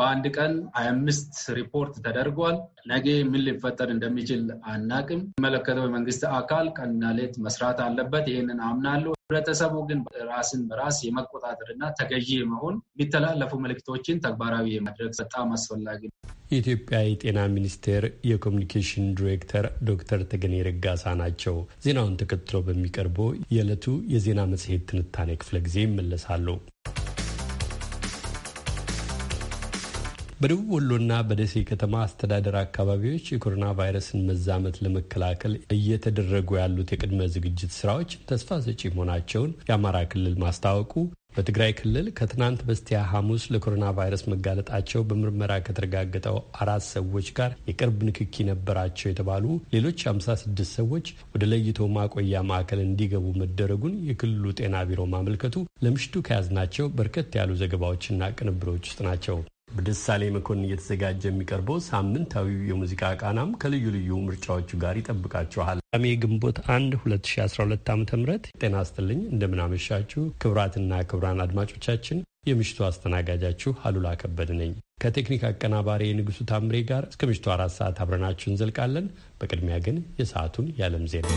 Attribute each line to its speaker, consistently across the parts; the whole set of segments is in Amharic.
Speaker 1: በአንድ ቀን ሀያ አምስት ሪፖርት ተደርጓል። ነገ ምን ሊፈጠር እንደሚችል አናቅም። የሚመለከተው የመንግስት አካል ቀንና ሌት መስራት አለበት። ይህንን አምናለሁ። ህብረተሰቡ ግን ራስን በራስ የመቆጣጠርና ተገዢ መሆን የሚተላለፉ መልእክቶችን ተግባራዊ የማድረግ በጣም አስፈላጊ ነው።
Speaker 2: የኢትዮጵያ የጤና ሚኒስቴር የኮሚኒኬሽን ዲሬክተር ዶክተር ተገኔ ረጋሳ ናቸው። ዜናውን ተከትሎ በሚቀርበው የዕለቱ የዜና መጽሔት ትንታኔ ክፍለ ጊዜ ይመለሳሉ። በደቡብ ወሎና በደሴ ከተማ አስተዳደር አካባቢዎች የኮሮና ቫይረስን መዛመት ለመከላከል እየተደረጉ ያሉት የቅድመ ዝግጅት ስራዎች ተስፋ ሰጪ መሆናቸውን የአማራ ክልል ማስታወቁ፣ በትግራይ ክልል ከትናንት በስቲያ ሐሙስ ለኮሮና ቫይረስ መጋለጣቸው በምርመራ ከተረጋገጠው አራት ሰዎች ጋር የቅርብ ንክኪ ነበራቸው የተባሉ ሌሎች 56 ሰዎች ወደ ለይቶ ማቆያ ማዕከል እንዲገቡ መደረጉን የክልሉ ጤና ቢሮ ማመልከቱ ለምሽቱ ከያዝናቸው በርከት ያሉ ዘገባዎችና ቅንብሮች ውስጥ ናቸው። በደሳሌ መኮንን እየተዘጋጀ የሚቀርበው ሳምንታዊ የሙዚቃ ቃናም ከልዩ ልዩ ምርጫዎቹ ጋር ይጠብቃችኋል። ቅዳሜ ግንቦት 1 2012 ዓ ም ጤና ስትልኝ እንደምናመሻችሁ ክብራትና ክብራን አድማጮቻችን የምሽቱ አስተናጋጃችሁ አሉላ ከበድ ነኝ። ከቴክኒክ አቀናባሪ የንጉሱ ታምሬ ጋር እስከ ምሽቱ አራት ሰዓት አብረናችሁ እንዘልቃለን። በቅድሚያ ግን የሰዓቱን የዓለም ዜና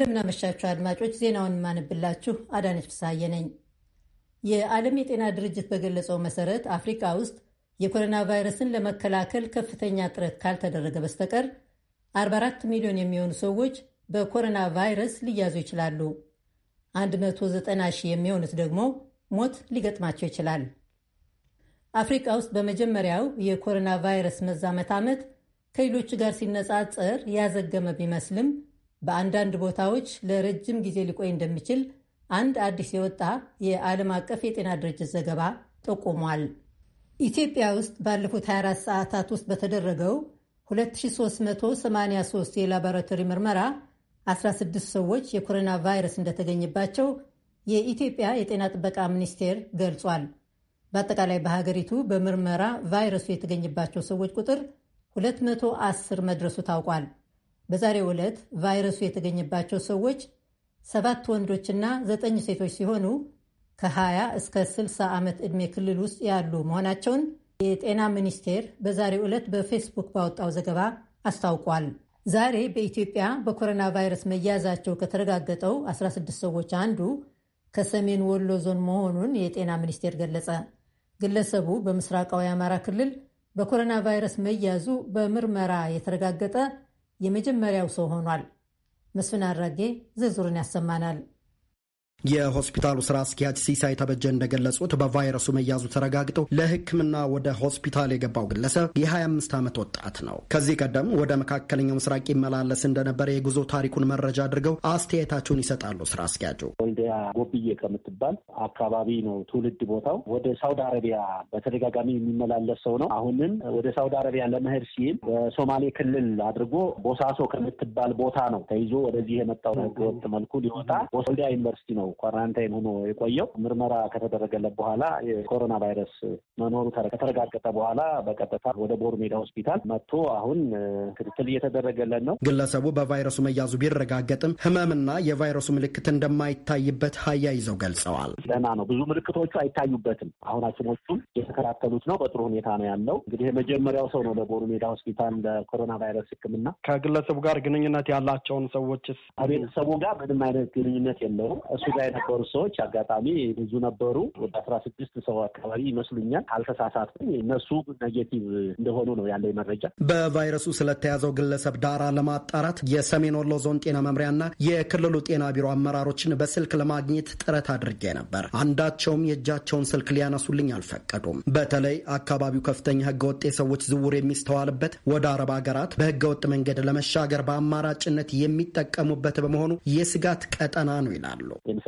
Speaker 3: እንደምናመሻችሁ አድማጮች፣ ዜናውን ማንብላችሁ አዳነች ፍሳሐዬ ነኝ። የዓለም የጤና ድርጅት በገለጸው መሰረት አፍሪካ ውስጥ የኮሮና ቫይረስን ለመከላከል ከፍተኛ ጥረት ካልተደረገ በስተቀር 44 ሚሊዮን የሚሆኑ ሰዎች በኮሮና ቫይረስ ሊያዙ ይችላሉ። 190 ሺህ የሚሆኑት ደግሞ ሞት ሊገጥማቸው ይችላል። አፍሪካ ውስጥ በመጀመሪያው የኮሮና ቫይረስ መዛመት ዓመት ከሌሎቹ ጋር ሲነጻጸር ያዘገመ ቢመስልም በአንዳንድ ቦታዎች ለረጅም ጊዜ ሊቆይ እንደሚችል አንድ አዲስ የወጣ የዓለም አቀፍ የጤና ድርጅት ዘገባ ጠቁሟል። ኢትዮጵያ ውስጥ ባለፉት 24 ሰዓታት ውስጥ በተደረገው 2383 የላቦራቶሪ ምርመራ 16 ሰዎች የኮሮና ቫይረስ እንደተገኘባቸው የኢትዮጵያ የጤና ጥበቃ ሚኒስቴር ገልጿል። በአጠቃላይ በሀገሪቱ በምርመራ ቫይረሱ የተገኘባቸው ሰዎች ቁጥር 210 መድረሱ ታውቋል። በዛሬ ዕለት ቫይረሱ የተገኘባቸው ሰዎች ሰባት ወንዶችና ዘጠኝ ሴቶች ሲሆኑ ከ20 እስከ 60 ዓመት ዕድሜ ክልል ውስጥ ያሉ መሆናቸውን የጤና ሚኒስቴር በዛሬ ዕለት በፌስቡክ ባወጣው ዘገባ አስታውቋል። ዛሬ በኢትዮጵያ በኮሮና ቫይረስ መያዛቸው ከተረጋገጠው 16 ሰዎች አንዱ ከሰሜን ወሎ ዞን መሆኑን የጤና ሚኒስቴር ገለጸ። ግለሰቡ በምስራቃዊ አማራ ክልል በኮሮና ቫይረስ መያዙ በምርመራ የተረጋገጠ የመጀመሪያው ሰው ሆኗል። መስፍን አራጌ ዝርዝሩን ያሰማናል።
Speaker 4: የሆስፒታሉ ስራ አስኪያጅ ሲሳይ ተበጀ እንደገለጹት በቫይረሱ መያዙ ተረጋግጦ ለሕክምና ወደ ሆስፒታል የገባው ግለሰብ የ25 ዓመት ወጣት ነው። ከዚህ ቀደም ወደ መካከለኛው ምስራቅ ይመላለስ እንደነበረ የጉዞ ታሪኩን መረጃ አድርገው አስተያየታቸውን ይሰጣሉ። ስራ አስኪያጁ
Speaker 5: ወልዲያ ጎብዬ ከምትባል አካባቢ ነው ትውልድ ቦታው። ወደ ሳውዲ አረቢያ በተደጋጋሚ የሚመላለስ ሰው ነው። አሁንም ወደ ሳውዲ አረቢያ ለመሄድ ሲል በሶማሌ ክልል አድርጎ ቦሳሶ ከምትባል ቦታ ነው ተይዞ ወደዚህ የመጣው ህገወጥ መልኩ ሊወጣ ወልዲያ ዩኒቨርሲቲ ነው ኳራንታይን ሆኖ የቆየው ምርመራ ከተደረገለት በኋላ የኮሮና ቫይረስ መኖሩ ከተረጋገጠ በኋላ በቀጥታ ወደ ቦሩ ሜዳ ሆስፒታል መጥቶ አሁን ክትትል እየተደረገለት ነው።
Speaker 4: ግለሰቡ በቫይረሱ መያዙ ቢረጋገጥም ህመምና የቫይረሱ ምልክት እንደማይታይበት ይዘው ገልጸዋል።
Speaker 5: ደህና ነው፣ ብዙ ምልክቶቹ አይታዩበትም። አሁን ሐኪሞቹም የተከታተሉት ነው። በጥሩ ሁኔታ ነው ያለው። እንግዲህ የመጀመሪያው ሰው ነው ለቦሩ ሜዳ ሆስፒታል ለኮሮና ቫይረስ ህክምና ከግለሰቡ ጋር ግንኙነት ያላቸውን ሰዎችስ ከቤተሰቡ ጋር ምንም አይነት ግንኙነት የለውም እሱ ላይ የነበሩ ሰዎች አጋጣሚ ብዙ ነበሩ። ወደ አስራ ስድስት ሰው አካባቢ ይመስሉኛል። አልተሳሳትም። እነሱ ኔጌቲቭ እንደሆኑ ነው ያለ መረጃ።
Speaker 4: በቫይረሱ ስለተያዘው ግለሰብ ዳራ ለማጣራት የሰሜን ወሎ ዞን ጤና መምሪያና የክልሉ ጤና ቢሮ አመራሮችን በስልክ ለማግኘት ጥረት አድርጌ ነበር። አንዳቸውም የእጃቸውን ስልክ ሊያነሱልኝ አልፈቀዱም። በተለይ አካባቢው ከፍተኛ ህገወጥ የሰዎች ዝውውር የሚስተዋልበት ወደ አረብ ሀገራት በህገወጥ መንገድ ለመሻገር በአማራጭነት የሚጠቀሙበት በመሆኑ የስጋት ቀጠና ነው ይላሉ።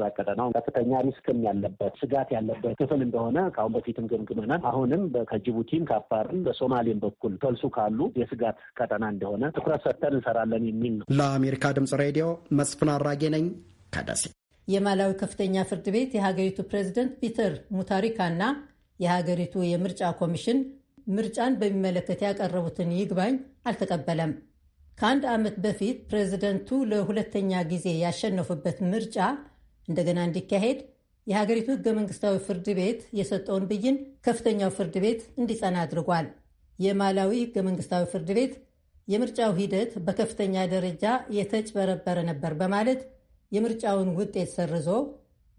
Speaker 5: የተራቀቀ ነው። ከፍተኛ ሪስክም ያለበት ስጋት ያለበት ክፍል እንደሆነ ከአሁን በፊትም ገምግመናል። አሁንም ከጅቡቲም ከአፋርም በሶማሌም በኩል ፈልሱ ካሉ የስጋት ቀጠና እንደሆነ ትኩረት ሰጥተን እንሰራለን የሚል
Speaker 4: ነው። ለአሜሪካ ድምጽ ሬዲዮ መስፍን አራጌ ነኝ ከደሴ።
Speaker 3: የማላዊ ከፍተኛ ፍርድ ቤት የሀገሪቱ ፕሬዚደንት ፒተር ሙታሪካና የሀገሪቱ የምርጫ ኮሚሽን ምርጫን በሚመለከት ያቀረቡትን ይግባኝ አልተቀበለም። ከአንድ ዓመት በፊት ፕሬዚደንቱ ለሁለተኛ ጊዜ ያሸነፉበት ምርጫ እንደገና እንዲካሄድ የሀገሪቱ ህገ መንግስታዊ ፍርድ ቤት የሰጠውን ብይን ከፍተኛው ፍርድ ቤት እንዲጸና አድርጓል። የማላዊ ህገ መንግስታዊ ፍርድ ቤት የምርጫው ሂደት በከፍተኛ ደረጃ የተጭበረበረ ነበር በማለት የምርጫውን ውጤት ሰርዞ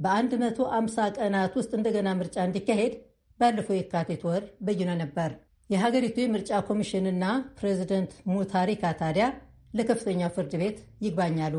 Speaker 3: በ150 ቀናት ውስጥ እንደገና ምርጫ እንዲካሄድ ባለፈው የካቲት ወር በይኖ ነበር። የሀገሪቱ የምርጫ ኮሚሽንና ፕሬዚደንት ሙታሪካ ታዲያ ለከፍተኛው ፍርድ ቤት ይግባኛሉ።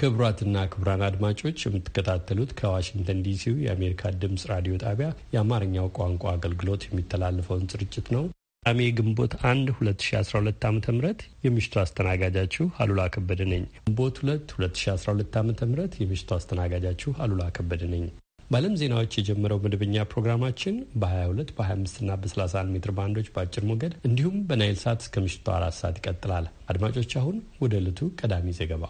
Speaker 2: ክቡራትና ክቡራን አድማጮች የምትከታተሉት ከዋሽንግተን ዲሲው የአሜሪካ ድምፅ ራዲዮ ጣቢያ የአማርኛው ቋንቋ አገልግሎት የሚተላለፈውን ስርጭት ነው። ቅዳሜ ግንቦት 1 2012 ዓ ም የምሽቱ አስተናጋጃችሁ አሉላ ከበደ ነኝ። ግንቦት 2 2012 ዓ ም የምሽቱ አስተናጋጃችሁ አሉላ ከበደ ነኝ። በዓለም ዜናዎች የጀመረው መደበኛ ፕሮግራማችን በ22 በ25 እና በ31 ሜትር ባንዶች በአጭር ሞገድ እንዲሁም በናይል ሳት እስከ ምሽቱ አራት ሰዓት ይቀጥላል። አድማጮች አሁን ወደ ዕለቱ ቀዳሚ ዘገባ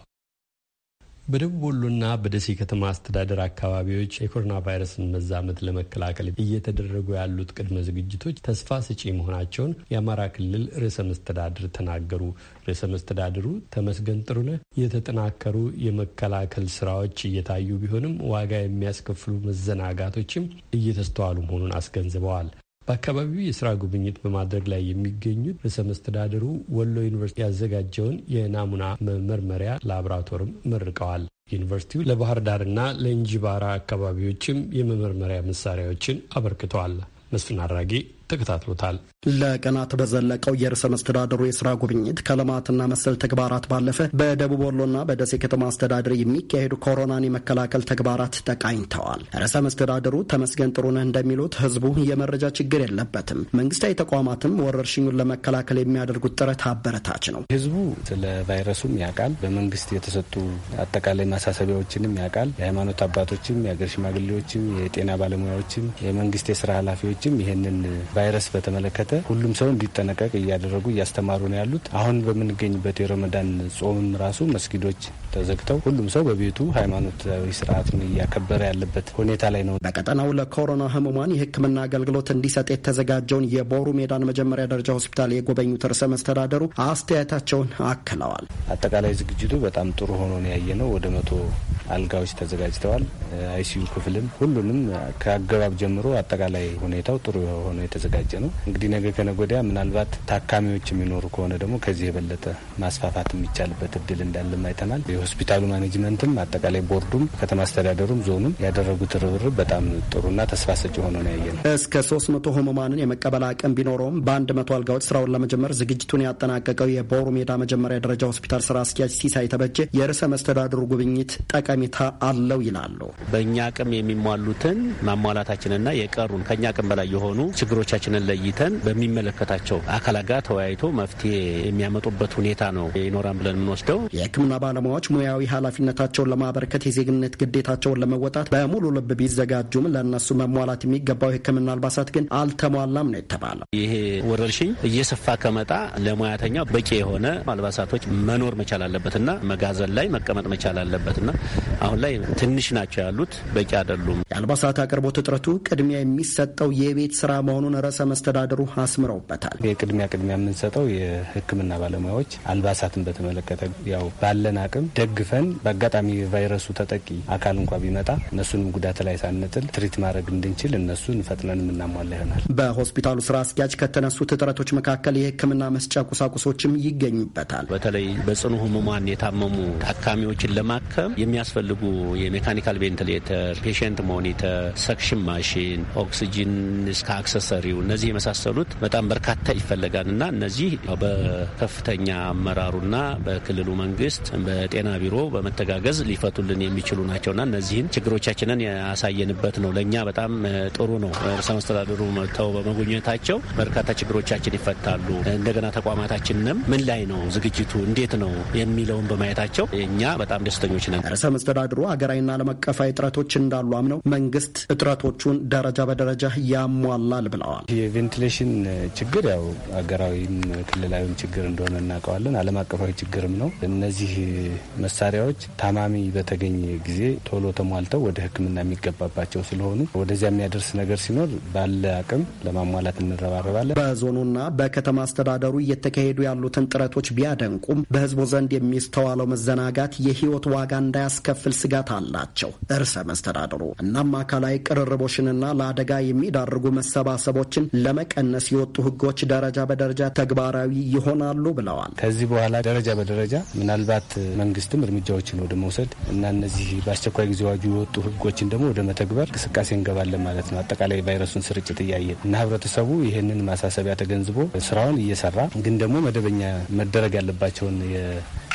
Speaker 2: በደቡብ ወሎና በደሴ ከተማ አስተዳደር አካባቢዎች የኮሮና ቫይረስን መዛመት ለመከላከል እየተደረጉ ያሉት ቅድመ ዝግጅቶች ተስፋ ሰጪ መሆናቸውን የአማራ ክልል ርዕሰ መስተዳድር ተናገሩ። ርዕሰ መስተዳድሩ ተመስገን ጥሩነህ የተጠናከሩ የመከላከል ስራዎች እየታዩ ቢሆንም ዋጋ የሚያስከፍሉ መዘናጋቶችም እየተስተዋሉ መሆኑን አስገንዝበዋል። በአካባቢው የስራ ጉብኝት በማድረግ ላይ የሚገኙት ርዕሰ መስተዳደሩ ወሎ ዩኒቨርሲቲ ያዘጋጀውን የናሙና መመርመሪያ ላብራቶርም መርቀዋል። ዩኒቨርሲቲው ለባህር ዳርና ለእንጂባራ አካባቢዎችም የመመርመሪያ መሳሪያዎችን አበርክተዋል። መስፍን አድራጌ ተከታትሎታል።
Speaker 4: ለቀናት በዘለቀው የርዕሰ መስተዳደሩ የስራ ጉብኝት ከልማትና መሰል ተግባራት ባለፈ በደቡብ ወሎና በደሴ ከተማ አስተዳደር የሚካሄዱ ኮሮናን የመከላከል ተግባራት ተቃኝተዋል። ርዕሰ መስተዳደሩ ተመስገን ጥሩነህ እንደሚሉት ህዝቡ የመረጃ ችግር የለበትም። መንግስታዊ ተቋማትም ወረርሽኙን ለመከላከል የሚያደርጉት ጥረት አበረታች ነው። ህዝቡ ስለ ቫይረሱም
Speaker 6: ያውቃል። በመንግስት የተሰጡ አጠቃላይ ማሳሰቢያዎችንም ያውቃል። የሃይማኖት አባቶችም፣ የአገር ሽማግሌዎችም፣ የጤና ባለሙያዎችም፣ የመንግስት የስራ ኃላፊዎችም ይህንን ቫይረስ በተመለከተ ሁሉም ሰው እንዲጠነቀቅ እያደረጉ እያስተማሩ ነው ያሉት። አሁን በምንገኝበት የረመዳን ጾምም ራሱ መስጊዶች ተዘግተው ሁሉም ሰው በቤቱ ሃይማኖታዊ ስርዓትን እያከበረ ያለበት ሁኔታ ላይ ነው። በቀጠናው
Speaker 4: ለኮሮና ህሙማን የህክምና አገልግሎት እንዲሰጥ የተዘጋጀውን የቦሩ ሜዳን መጀመሪያ ደረጃ ሆስፒታል የጎበኙት ርዕሰ መስተዳደሩ አስተያየታቸውን አክለዋል።
Speaker 6: አጠቃላይ ዝግጅቱ በጣም ጥሩ ሆኖ ነው ያየ ነው። ወደ መቶ አልጋዎች ተዘጋጅተዋል። አይሲዩ ክፍልም ሁሉንም ከአገባብ ጀምሮ አጠቃላይ ሁኔታው ጥሩ ሆኖ የተዘጋጀ ነው። እንግዲህ ነገ ከነገ ምናልባት ታካሚዎች የሚኖሩ ከሆነ ደግሞ ከዚህ የበለጠ ማስፋፋት የሚቻልበት እድል እንዳለም አይተናል። የሆስፒታሉ ማኔጅመንትም አጠቃላይ ቦርዱም ከተማ አስተዳደሩም ዞኑም ያደረጉት ርብርብ በጣም ጥሩና ተስፋ ሰጪ ሆኖ ነው ያየ
Speaker 4: ነው። እስከ ሶስት መቶ ህሙማንን የመቀበል አቅም ቢኖረውም በአንድ መቶ አልጋዎች ስራውን ለመጀመር ዝግጅቱን ያጠናቀቀው የቦሩ ሜዳ መጀመሪያ ደረጃ ሆስፒታል ስራ አስኪያጅ ሲሳይ ተበጀ የርዕሰ መስተዳድሩ ጉብኝት ጠቀሜታ አለው ይላሉ።
Speaker 7: በእኛ አቅም የሚሟሉትን ማሟላታችንና የቀሩን ከእኛ አቅም በላይ የሆኑ ችግሮቻችንን ለይተን በሚመለከታቸው አካላት ጋር ተወያይቶ መፍትሄ የሚያመጡበት ሁኔታ ነው ይኖራል ብለን የምንወስደው
Speaker 4: የህክምና ባለሙያዎች ሙያዊ ኃላፊነታቸውን ለማበረከት የዜግነት ግዴታቸውን ለመወጣት በሙሉ ልብ ቢዘጋጁም ለእነሱ መሟላት የሚገባው የሕክምና አልባሳት ግን አልተሟላም ነው የተባለው።
Speaker 6: ይሄ
Speaker 7: ወረርሽኝ እየሰፋ ከመጣ ለሙያተኛው በቂ የሆነ አልባሳቶች መኖር መቻል አለበትና መጋዘን ላይ መቀመጥ መቻል አለበትና አሁን ላይ ትንሽ ናቸው ያሉት፣ በቂ አይደሉም።
Speaker 4: የአልባሳት አቅርቦት እጥረቱ ቅድሚያ የሚሰጠው የቤት ስራ መሆኑን ርዕሰ መስተዳድሩ አስምረውበታል።
Speaker 6: የቅድሚያ ቅድሚያ የምንሰጠው የሕክምና ባለሙያዎች አልባሳትን በተመለከተ ያው ባለን አቅም ደግፈን በአጋጣሚ የቫይረሱ ተጠቂ አካል እንኳ ቢመጣ እነሱንም ጉዳት
Speaker 4: ላይ ሳንጥል ትሪት ማድረግ እንድንችል እነሱን ፈጥነን የምናሟላ ይሆናል። በሆስፒታሉ ስራ አስኪያጅ ከተነሱት እጥረቶች መካከል የሕክምና መስጫ ቁሳቁሶችም ይገኙበታል። በተለይ በጽኑ ህሙማን
Speaker 7: የታመሙ ታካሚዎችን ለማከም የሚያስፈልጉ የሜካኒካል ቬንትሌተር፣ ፔሽንት ሞኒተር፣ ሰክሽን ማሽን፣ ኦክሲጂን እስከ አክሰሰሪው እነዚህ የመሳሰሉት በጣም በርካታ ይፈለጋል እና እነዚህ በከፍተኛ አመራሩና በክልሉ መንግስት በጤና ጤና ቢሮ በመተጋገዝ ሊፈቱልን የሚችሉ ናቸውና እነዚህን ችግሮቻችንን ያሳየንበት ነው። ለእኛ በጣም ጥሩ ነው። ርዕሰ መስተዳድሩ መጥተው በመጎኘታቸው በርካታ ችግሮቻችን ይፈታሉ። እንደገና ተቋማታችንም ምን ላይ ነው ዝግጅቱ እንዴት ነው የሚለውን በማየታቸው እኛ በጣም ደስተኞች ነን።
Speaker 4: ርዕሰ መስተዳድሩ ሀገራዊና ዓለም አቀፋዊ እጥረቶች እንዳሉ አምነው መንግስት እጥረቶቹን ደረጃ በደረጃ ያሟላል ብለዋል። የቬንቲሌሽን
Speaker 6: ችግር ያው ሀገራዊም ክልላዊም ችግር እንደሆነ እናውቀዋለን። ዓለም አቀፋዊ ችግርም ነው። እነዚህ መሳሪያዎች ታማሚ በተገኘ ጊዜ ቶሎ ተሟልተው ወደ ሕክምና የሚገባባቸው ስለሆኑ ወደዚያ የሚያደርስ ነገር ሲኖር ባለ አቅም ለማሟላት እንረባረባለን።
Speaker 4: በዞኑና በከተማ አስተዳደሩ እየተካሄዱ ያሉትን ጥረቶች ቢያደንቁም በህዝቡ ዘንድ የሚስተዋለው መዘናጋት የህይወት ዋጋ እንዳያስከፍል ስጋት አላቸው እርሰ መስተዳድሩ። እናም አካላዊ ቅርርቦችንና ለአደጋ የሚዳርጉ መሰባሰቦችን ለመቀነስ የወጡ ህጎች ደረጃ በደረጃ ተግባራዊ ይሆናሉ ብለዋል።
Speaker 6: ከዚህ በኋላ ደረጃ በደረጃ ምናልባት መንግስት መንግስትም እርምጃዎችን ወደ መውሰድ እና እነዚህ በአስቸኳይ ጊዜ አዋጁ የወጡ ህጎችን ደግሞ ወደ መተግበር እንቅስቃሴ እንገባለን ማለት ነው። አጠቃላይ ቫይረሱን ስርጭት እያየ እና ህብረተሰቡ ይህንን ማሳሰቢያ ተገንዝቦ ስራውን እየሰራ ግን ደግሞ መደበኛ መደረግ ያለባቸውን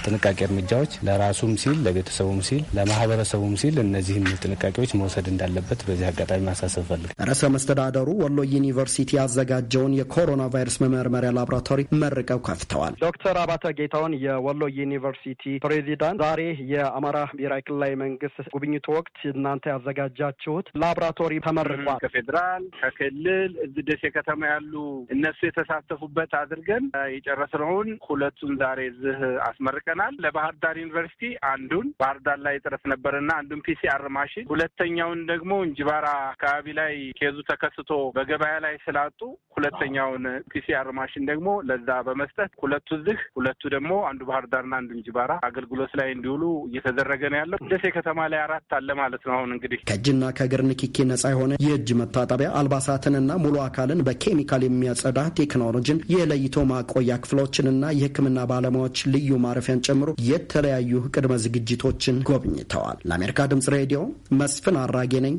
Speaker 6: ጥንቃቄ እርምጃዎች ለራሱም ሲል ለቤተሰቡም ሲል ለማህበረሰቡም ሲል እነዚህን ጥንቃቄዎች መውሰድ እንዳለበት በዚህ አጋጣሚ ማሳሰብ ፈልግ።
Speaker 4: ርዕሰ መስተዳደሩ ወሎ ዩኒቨርሲቲ ያዘጋጀውን የኮሮና ቫይረስ መመርመሪያ ላቦራቶሪ መርቀው ከፍተዋል። ዶክተር አባተ ጌታውን የወሎ ዩኒቨርሲቲ ፕሬዚዳንት፣ ዛሬ የአማራ ብሔራዊ ክልላዊ መንግስት ጉብኝቱ ወቅት እናንተ ያዘጋጃችሁት ላቦራቶሪ ተመርቋል።
Speaker 1: ከፌዴራል ከክልል እዚህ ደሴ ከተማ ያሉ እነሱ የተሳተፉበት አድርገን የጨረስነውን ሁለቱን ዛሬ እዚህ አስመርቀ ልከናል። ለባህር ዳር ዩኒቨርሲቲ አንዱን ባህር ዳር ላይ ጥረት ነበርና አንዱን ፒሲአር ማሽን፣ ሁለተኛውን ደግሞ እንጅባራ
Speaker 8: አካባቢ ላይ ኬዙ ተከስቶ በገበያ ላይ ስላጡ ሁለተኛውን
Speaker 1: ፒሲአር ማሽን ደግሞ ለዛ በመስጠት ሁለቱ ዝህ ሁለቱ ደግሞ አንዱ ባህር ዳርና አንዱ እንጅባራ አገልግሎት ላይ እንዲውሉ እየተደረገ ነው ያለው። ደሴ ከተማ ላይ አራት አለ ማለት ነው። አሁን እንግዲህ
Speaker 4: ከእጅና ከእግር ንክኪ ነጻ የሆነ የእጅ መታጠቢያ አልባሳትንና ሙሉ አካልን በኬሚካል የሚያጸዳ ቴክኖሎጂን የለይቶ ማቆያ ክፍሎችንና የሕክምና ባለሙያዎች ልዩ ማረፊያ ፕሮግራሞችን ጨምሮ የተለያዩ ቅድመ ዝግጅቶችን ጎብኝተዋል። ለአሜሪካ ድምጽ ሬዲዮ መስፍን አራጌ ነኝ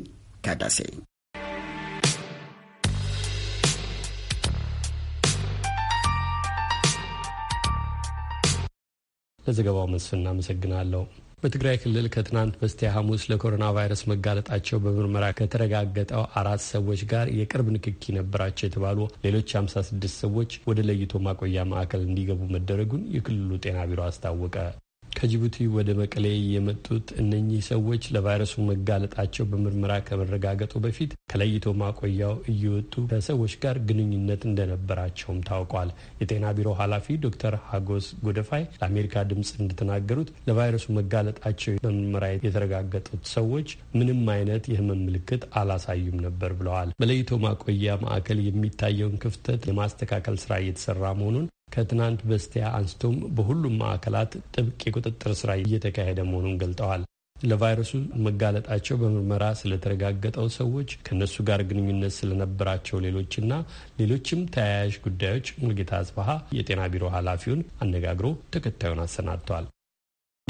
Speaker 4: ከደሴ።
Speaker 2: ለዘገባው መስፍን እናመሰግናለሁ። በትግራይ ክልል ከትናንት በስቲያ ሐሙስ ለኮሮና ቫይረስ መጋለጣቸው በምርመራ ከተረጋገጠው አራት ሰዎች ጋር የቅርብ ንክኪ ነበራቸው የተባሉ ሌሎች 56 ሰዎች ወደ ለይቶ ማቆያ ማዕከል እንዲገቡ መደረጉን የክልሉ ጤና ቢሮ አስታወቀ። ከጅቡቲ ወደ መቀሌ የመጡት እነኚህ ሰዎች ለቫይረሱ መጋለጣቸው በምርመራ ከመረጋገጡ በፊት ከለይቶ ማቆያው እየወጡ ከሰዎች ጋር ግንኙነት እንደነበራቸውም ታውቋል። የጤና ቢሮ ኃላፊ ዶክተር ሀጎስ ጎደፋይ ለአሜሪካ ድምፅ እንደተናገሩት ለቫይረሱ መጋለጣቸው በምርመራ የተረጋገጡት ሰዎች ምንም አይነት የህመም ምልክት አላሳዩም ነበር ብለዋል። በለይቶ ማቆያ ማዕከል የሚታየውን ክፍተት የማስተካከል ስራ እየተሰራ መሆኑን ከትናንት በስቲያ አንስቶም በሁሉም ማዕከላት ጥብቅ የቁጥጥር ስራ እየተካሄደ መሆኑን ገልጠዋል። ለቫይረሱ መጋለጣቸው በምርመራ ስለተረጋገጠው ሰዎች፣ ከእነሱ ጋር ግንኙነት ስለነበራቸው ሌሎችና ሌሎችም ተያያዥ
Speaker 8: ጉዳዮች ሙልጌታ አጽበሀ የጤና ቢሮ ኃላፊውን አነጋግሮ ተከታዩን አሰናድተዋል።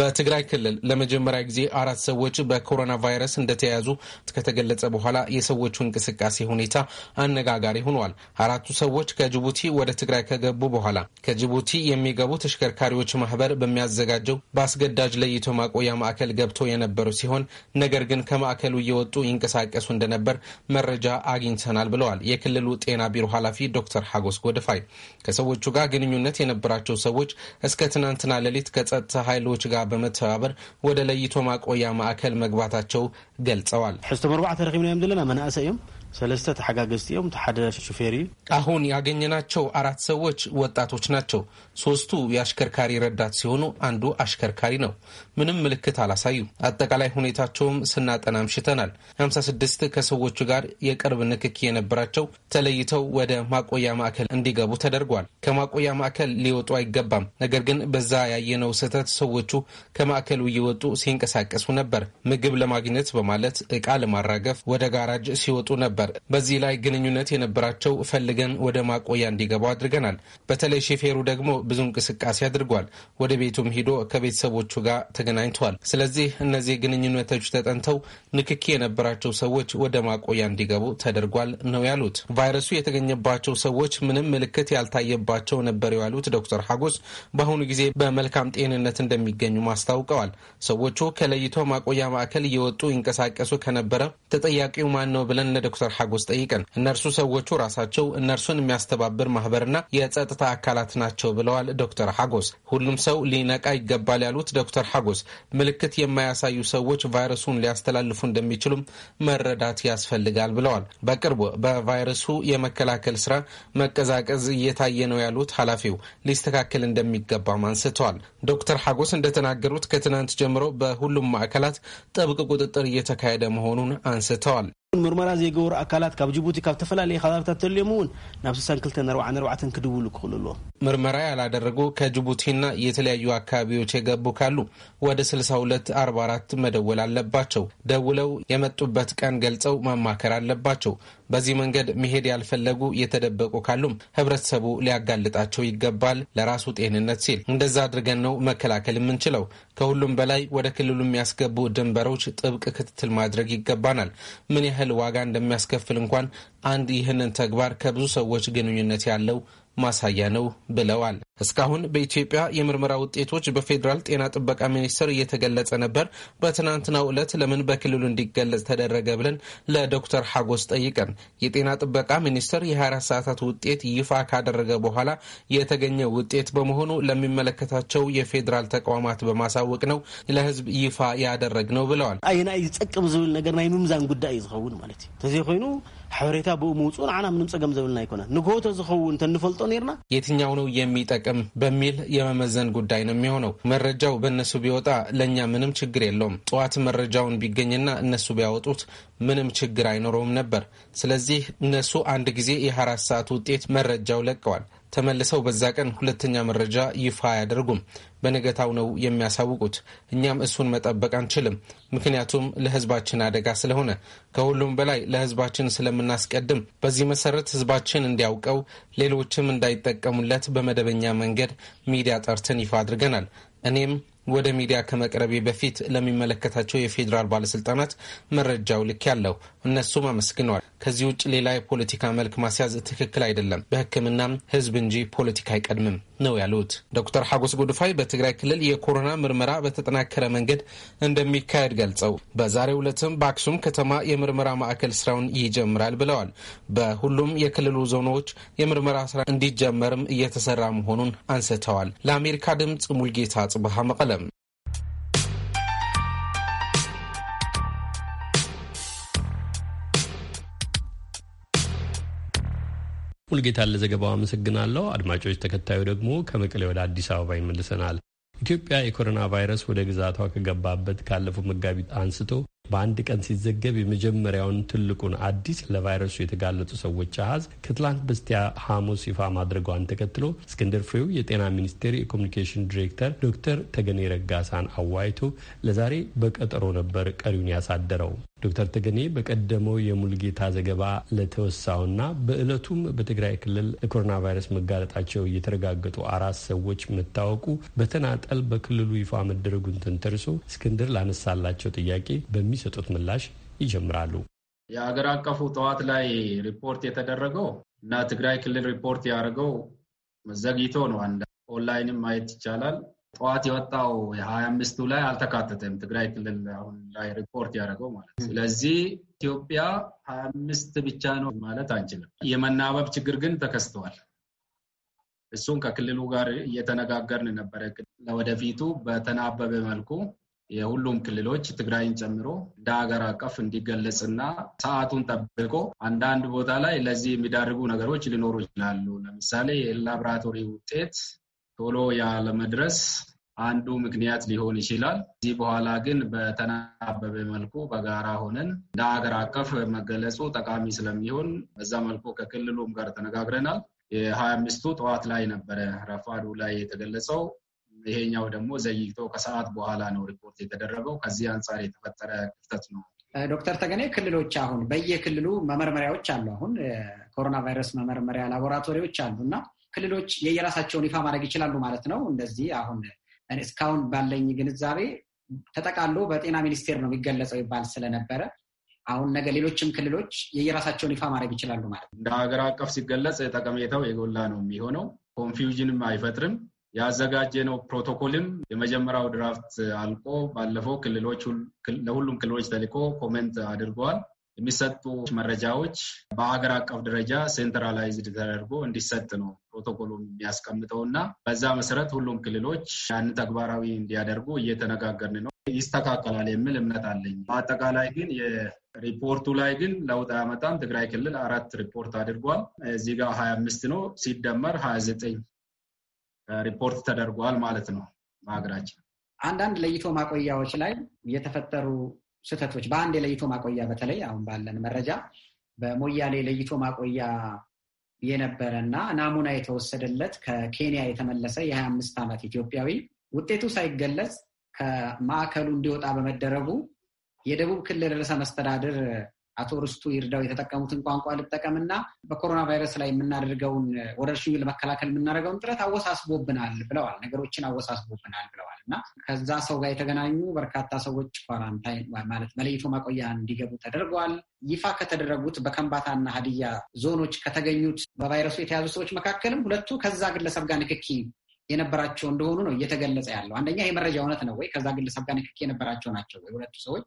Speaker 8: በትግራይ ክልል ለመጀመሪያ ጊዜ አራት ሰዎች በኮሮና ቫይረስ እንደተያዙ ከተገለጸ በኋላ የሰዎቹ እንቅስቃሴ ሁኔታ አነጋጋሪ ሆኗል። አራቱ ሰዎች ከጅቡቲ ወደ ትግራይ ከገቡ በኋላ ከጅቡቲ የሚገቡ ተሽከርካሪዎች ማህበር በሚያዘጋጀው በአስገዳጅ ለይቶ ማቆያ ማዕከል ገብተው የነበሩ ሲሆን ነገር ግን ከማዕከሉ እየወጡ ይንቀሳቀሱ እንደነበር መረጃ አግኝተናል ብለዋል የክልሉ ጤና ቢሮ ኃላፊ ዶክተር ሀጎስ ጎድፋይ። ከሰዎቹ ጋር ግንኙነት የነበራቸው ሰዎች እስከ ትናንትና ሌሊት ከጸጥታ ኃይሎች ጋር በመተባበር ወደ ለይቶ ማቆያ ማዕከል መግባታቸው ገልጸዋል። ሕዝቶም ኣርባዕተ ረኪብናዮም ዘለና መናእሰ እዮም ሰለስተ ተሓጋገዝቲ እዮም ሓደ ሹፌር እዩ። አሁን ያገኘናቸው አራት ሰዎች ወጣቶች ናቸው። ሶስቱ የአሽከርካሪ ረዳት ሲሆኑ አንዱ አሽከርካሪ ነው። ምንም ምልክት አላሳዩም። አጠቃላይ ሁኔታቸውም ስናጠና አምሽተናል። 56 ከሰዎቹ ጋር የቅርብ ንክኪ የነበራቸው ተለይተው ወደ ማቆያ ማዕከል እንዲገቡ ተደርጓል። ከማቆያ ማዕከል ሊወጡ አይገባም። ነገር ግን በዛ ያየነው ስህተት ሰዎቹ ከማዕከሉ እየወጡ ሲንቀሳቀሱ ነበር። ምግብ ለማግኘት በማለት እቃ ለማራገፍ ወደ ጋራጅ ሲወጡ ነበር። በዚህ ላይ ግንኙነት የነበራቸው ፈልገን ወደ ማቆያ እንዲገቡ አድርገናል። በተለይ ሾፌሩ ደግሞ ብዙ እንቅስቃሴ አድርጓል። ወደ ቤቱም ሂዶ ከቤተሰቦቹ ጋር ተገናኝተዋል። ስለዚህ እነዚህ ግንኙነቶች ተጠንተው ንክኪ የነበራቸው ሰዎች ወደ ማቆያ እንዲገቡ ተደርጓል ነው ያሉት። ቫይረሱ የተገኘባቸው ሰዎች ምንም ምልክት ያልታየባቸው ነበር ያሉት ዶክተር ሀጎስ በአሁኑ ጊዜ በመልካም ጤንነት እንደሚገኙ አስታውቀዋል። ሰዎቹ ከለይቶ ማቆያ ማዕከል እየወጡ ይንቀሳቀሱ ከነበረ ተጠያቂው ማን ነው ብለን ለዶክተር ሀጎስ ጠይቀን እነርሱ ሰዎቹ ራሳቸው እነርሱን የሚያስተባብር ማህበርና የጸጥታ አካላት ናቸው ብለው ብለዋል ዶክተር ሐጎስ። ሁሉም ሰው ሊነቃ ይገባል ያሉት ዶክተር ሐጎስ ምልክት የማያሳዩ ሰዎች ቫይረሱን ሊያስተላልፉ እንደሚችሉም መረዳት ያስፈልጋል ብለዋል። በቅርቡ በቫይረሱ የመከላከል ስራ መቀዛቀዝ እየታየ ነው ያሉት ኃላፊው ሊስተካከል እንደሚገባም አንስተዋል። ዶክተር ሐጎስ እንደተናገሩት ከትናንት ጀምሮ በሁሉም ማዕከላት ጥብቅ ቁጥጥር እየተካሄደ መሆኑን አንስተዋል። ምርመራ ዘይገብሩ ኣካላት ካብ ጅቡቲ ካብ ተፈላለየ ከባብታት ተልዮም እውን ናብ 624 ክድውሉ ክኽእሉ ኣለዎ ምርመራ ያላደረጉ ከጅቡቲና የተለያዩ አካባቢዎች የገቡ ካሉ ወደ 6244 መደወል አለባቸው። ደውለው የመጡበት ቀን ገልጸው ማማከር አለባቸው። በዚህ መንገድ መሄድ ያልፈለጉ የተደበቁ ካሉም ህብረተሰቡ ሊያጋልጣቸው ይገባል ለራሱ ጤንነት ሲል። እንደዛ አድርገን ነው መከላከል የምንችለው። ከሁሉም በላይ ወደ ክልሉ የሚያስገቡ ድንበሮች ጥብቅ ክትትል ማድረግ ይገባናል። ምን ያህል ዋጋ እንደሚያስከፍል እንኳን አንድ ይህንን ተግባር ከብዙ ሰዎች ግንኙነት ያለው ማሳያ ነው ብለዋል። እስካሁን በኢትዮጵያ የምርመራ ውጤቶች በፌዴራል ጤና ጥበቃ ሚኒስቴር እየተገለጸ ነበር። በትናንትናው ዕለት ለምን በክልሉ እንዲገለጽ ተደረገ ብለን ለዶክተር ሐጎስ ጠይቀን የጤና ጥበቃ ሚኒስቴር የ24 ሰዓታት ውጤት ይፋ ካደረገ በኋላ የተገኘ ውጤት በመሆኑ ለሚመለከታቸው የፌዴራል ተቋማት በማሳወቅ ነው ለህዝብ ይፋ ያደረግ ነው ብለዋል።
Speaker 7: አይና ይጸቅም ዝብል ነገር ናይ ምምዛን ጉዳይ ዝኸውን ማለት እዩ ተዘይ ኮይኑ ሕብሬታ ብኡ ምውፁ ንዓና ምንም ፀገም ዘብልና ኣይኮነ ንጎቶ ዝኸውን እንተንፈልጦ ነርና
Speaker 8: የትኛው ነው የሚጠቅም በሚል የመመዘን ጉዳይ ነው የሚሆነው። መረጃው በእነሱ ቢወጣ ለእኛ ምንም ችግር የለውም። ጠዋት መረጃውን ቢገኝና እነሱ ቢያወጡት ምንም ችግር አይኖረውም ነበር። ስለዚህ እነሱ አንድ ጊዜ የአራት ሰዓት ውጤት መረጃው ለቀዋል። ተመልሰው በዛ ቀን ሁለተኛ መረጃ ይፋ አያደርጉም። በነገታው ነው የሚያሳውቁት። እኛም እሱን መጠበቅ አንችልም፣ ምክንያቱም ለህዝባችን አደጋ ስለሆነ ከሁሉም በላይ ለህዝባችን ስለምናስቀድም፣ በዚህ መሰረት ህዝባችን እንዲያውቀው ሌሎችም እንዳይጠቀሙለት በመደበኛ መንገድ ሚዲያ ጠርተን ይፋ አድርገናል። እኔም ወደ ሚዲያ ከመቅረቤ በፊት ለሚመለከታቸው የፌዴራል ባለስልጣናት መረጃው ልክ ያለው እነሱም አመስግነዋል። ከዚህ ውጭ ሌላ የፖለቲካ መልክ ማስያዝ ትክክል አይደለም። በህክምናም ህዝብ እንጂ ፖለቲካ አይቀድምም። ነው ያሉት። ዶክተር ሐጎስ ጎድፋይ በትግራይ ክልል የኮሮና ምርመራ በተጠናከረ መንገድ እንደሚካሄድ ገልጸው በዛሬው ዕለትም በአክሱም ከተማ የምርመራ ማዕከል ስራውን ይጀምራል ብለዋል። በሁሉም የክልሉ ዞኖች የምርመራ ስራ እንዲጀመርም እየተሰራ መሆኑን አንስተዋል። ለአሜሪካ ድምፅ ሙልጌታ ጽብሃ መቀለም
Speaker 2: ሙልጌታ ለዘገባው አመሰግናለሁ። አድማጮች፣ ተከታዩ ደግሞ ከመቀሌ ወደ አዲስ አበባ ይመልሰናል። ኢትዮጵያ የኮሮና ቫይረስ ወደ ግዛቷ ከገባበት ካለፈው መጋቢት አንስቶ በአንድ ቀን ሲዘገብ የመጀመሪያውን ትልቁን አዲስ ለቫይረሱ የተጋለጡ ሰዎች አሀዝ ከትላንት በስቲያ ሐሙስ ይፋ ማድረጓን ተከትሎ እስክንድር ፍሬው የጤና ሚኒስቴር የኮሚኒኬሽን ዲሬክተር ዶክተር ተገኔ ረጋሳን አዋይቶ ለዛሬ በቀጠሮ ነበር ቀሪውን ያሳደረው። ዶክተር ተገኔ በቀደመው የሙልጌታ ዘገባ ለተወሳውና በእለቱም በትግራይ ክልል ለኮሮና ቫይረስ መጋለጣቸው የተረጋገጡ አራት ሰዎች መታወቁ በተናጠል በክልሉ ይፋ መደረጉን ተንተርሶ እስክንድር ላነሳላቸው ጥያቄ በሚሰጡት ምላሽ ይጀምራሉ።
Speaker 1: የአገር አቀፉ ጠዋት ላይ ሪፖርት የተደረገው እና ትግራይ ክልል ሪፖርት ያደርገው ዘግይቶ ነው። አንድ ኦንላይንም ማየት ይቻላል። ጠዋት የወጣው የሀያ አምስቱ ላይ አልተካተተም። ትግራይ ክልል አሁን ላይ ሪፖርት ያደረገው ማለት ነው። ስለዚህ ኢትዮጵያ ሀያ አምስት ብቻ ነው ማለት አንችልም። የመናበብ ችግር ግን ተከስተዋል። እሱን ከክልሉ ጋር እየተነጋገርን ነበረ። ለወደፊቱ በተናበበ መልኩ የሁሉም ክልሎች ትግራይን ጨምሮ እንደ ሀገር አቀፍ እንዲገለጽና ሰዓቱን ጠብቆ አንዳንድ ቦታ ላይ ለዚህ የሚዳርጉ ነገሮች ሊኖሩ ይችላሉ። ለምሳሌ የላብራቶሪ ውጤት ቶሎ ያለመድረስ አንዱ ምክንያት ሊሆን ይችላል። ከዚህ በኋላ ግን በተናበበ መልኩ በጋራ ሆነን እንደ ሀገር አቀፍ መገለጹ ጠቃሚ ስለሚሆን በዛ መልኩ ከክልሉም ጋር ተነጋግረናል። የሀያ አምስቱ ጠዋት ላይ ነበረ ረፋዱ ላይ የተገለጸው። ይሄኛው ደግሞ ዘይቶ ከሰዓት በኋላ ነው ሪፖርት የተደረገው። ከዚህ አንጻር የተፈጠረ ክፍተት ነው።
Speaker 9: ዶክተር ተገኔ ክልሎች አሁን በየክልሉ መመርመሪያዎች አሉ። አሁን ኮሮና ቫይረስ መመርመሪያ ላቦራቶሪዎች አሉ እና ክልሎች የየራሳቸውን ይፋ ማድረግ ይችላሉ ማለት ነው። እንደዚህ አሁን እስካሁን ባለኝ ግንዛቤ ተጠቃሎ በጤና ሚኒስቴር ነው የሚገለጸው ይባል ስለነበረ አሁን ነገ ሌሎችም ክልሎች የየራሳቸውን ይፋ ማድረግ ይችላሉ ማለት ነው። እንደ ሀገር አቀፍ ሲገለጽ ጠቀሜታው የጎላ ነው
Speaker 1: የሚሆነው። ኮንፊውዥንም አይፈጥርም። ያዘጋጀነው ፕሮቶኮልም የመጀመሪያው ድራፍት አልቆ ባለፈው ክልሎች ለሁሉም ክልሎች ተልኮ ኮሜንት አድርገዋል። የሚሰጡ መረጃዎች በሀገር አቀፍ ደረጃ ሴንትራላይዝድ ተደርጎ እንዲሰጥ ነው ፕሮቶኮሉ የሚያስቀምጠው እና በዛ መሰረት ሁሉም ክልሎች ያን ተግባራዊ እንዲያደርጉ እየተነጋገርን ነው። ይስተካከላል የሚል እምነት አለኝ። በአጠቃላይ ግን ሪፖርቱ ላይ ግን ለውጥ አያመጣም። ትግራይ ክልል አራት ሪፖርት አድርጓል። እዚህ ጋር ሀያ አምስት ነው ሲደመር ሀያ ዘጠኝ ሪፖርት ተደርጓል ማለት ነው። በሀገራችን
Speaker 9: አንዳንድ ለይቶ ማቆያዎች ላይ የተፈጠሩ ስህተቶች በአንድ የለይቶ ማቆያ በተለይ አሁን ባለን መረጃ በሞያሌ ለይቶ ማቆያ የነበረ እና ናሙና የተወሰደለት ከኬንያ የተመለሰ የ25 ዓመት ኢትዮጵያዊ ውጤቱ ሳይገለጽ ከማዕከሉ እንዲወጣ በመደረጉ የደቡብ ክልል ርዕሰ መስተዳድር አቶ ርስቱ ይርዳው የተጠቀሙትን ቋንቋ ልጠቀምና በኮሮና ቫይረስ ላይ የምናደርገውን ወረርሽኙ ለመከላከል የምናደርገውን ጥረት አወሳስቦብናል ብለዋል። ነገሮችን አወሳስቦብናል ብለዋል እና ከዛ ሰው ጋር የተገናኙ በርካታ ሰዎች ኳራንታይን ማለት መለይቶ ማቆያ እንዲገቡ ተደርገዋል። ይፋ ከተደረጉት በከምባታና ሀዲያ ዞኖች ከተገኙት በቫይረሱ የተያዙ ሰዎች መካከልም ሁለቱ ከዛ ግለሰብ ጋር ንክኪ የነበራቸው እንደሆኑ ነው እየተገለጸ ያለው። አንደኛ የመረጃ እውነት ነው ወይ? ከዛ ግለሰብ ጋር ንክኪ የነበራቸው ናቸው ወይ ሁለቱ ሰዎች?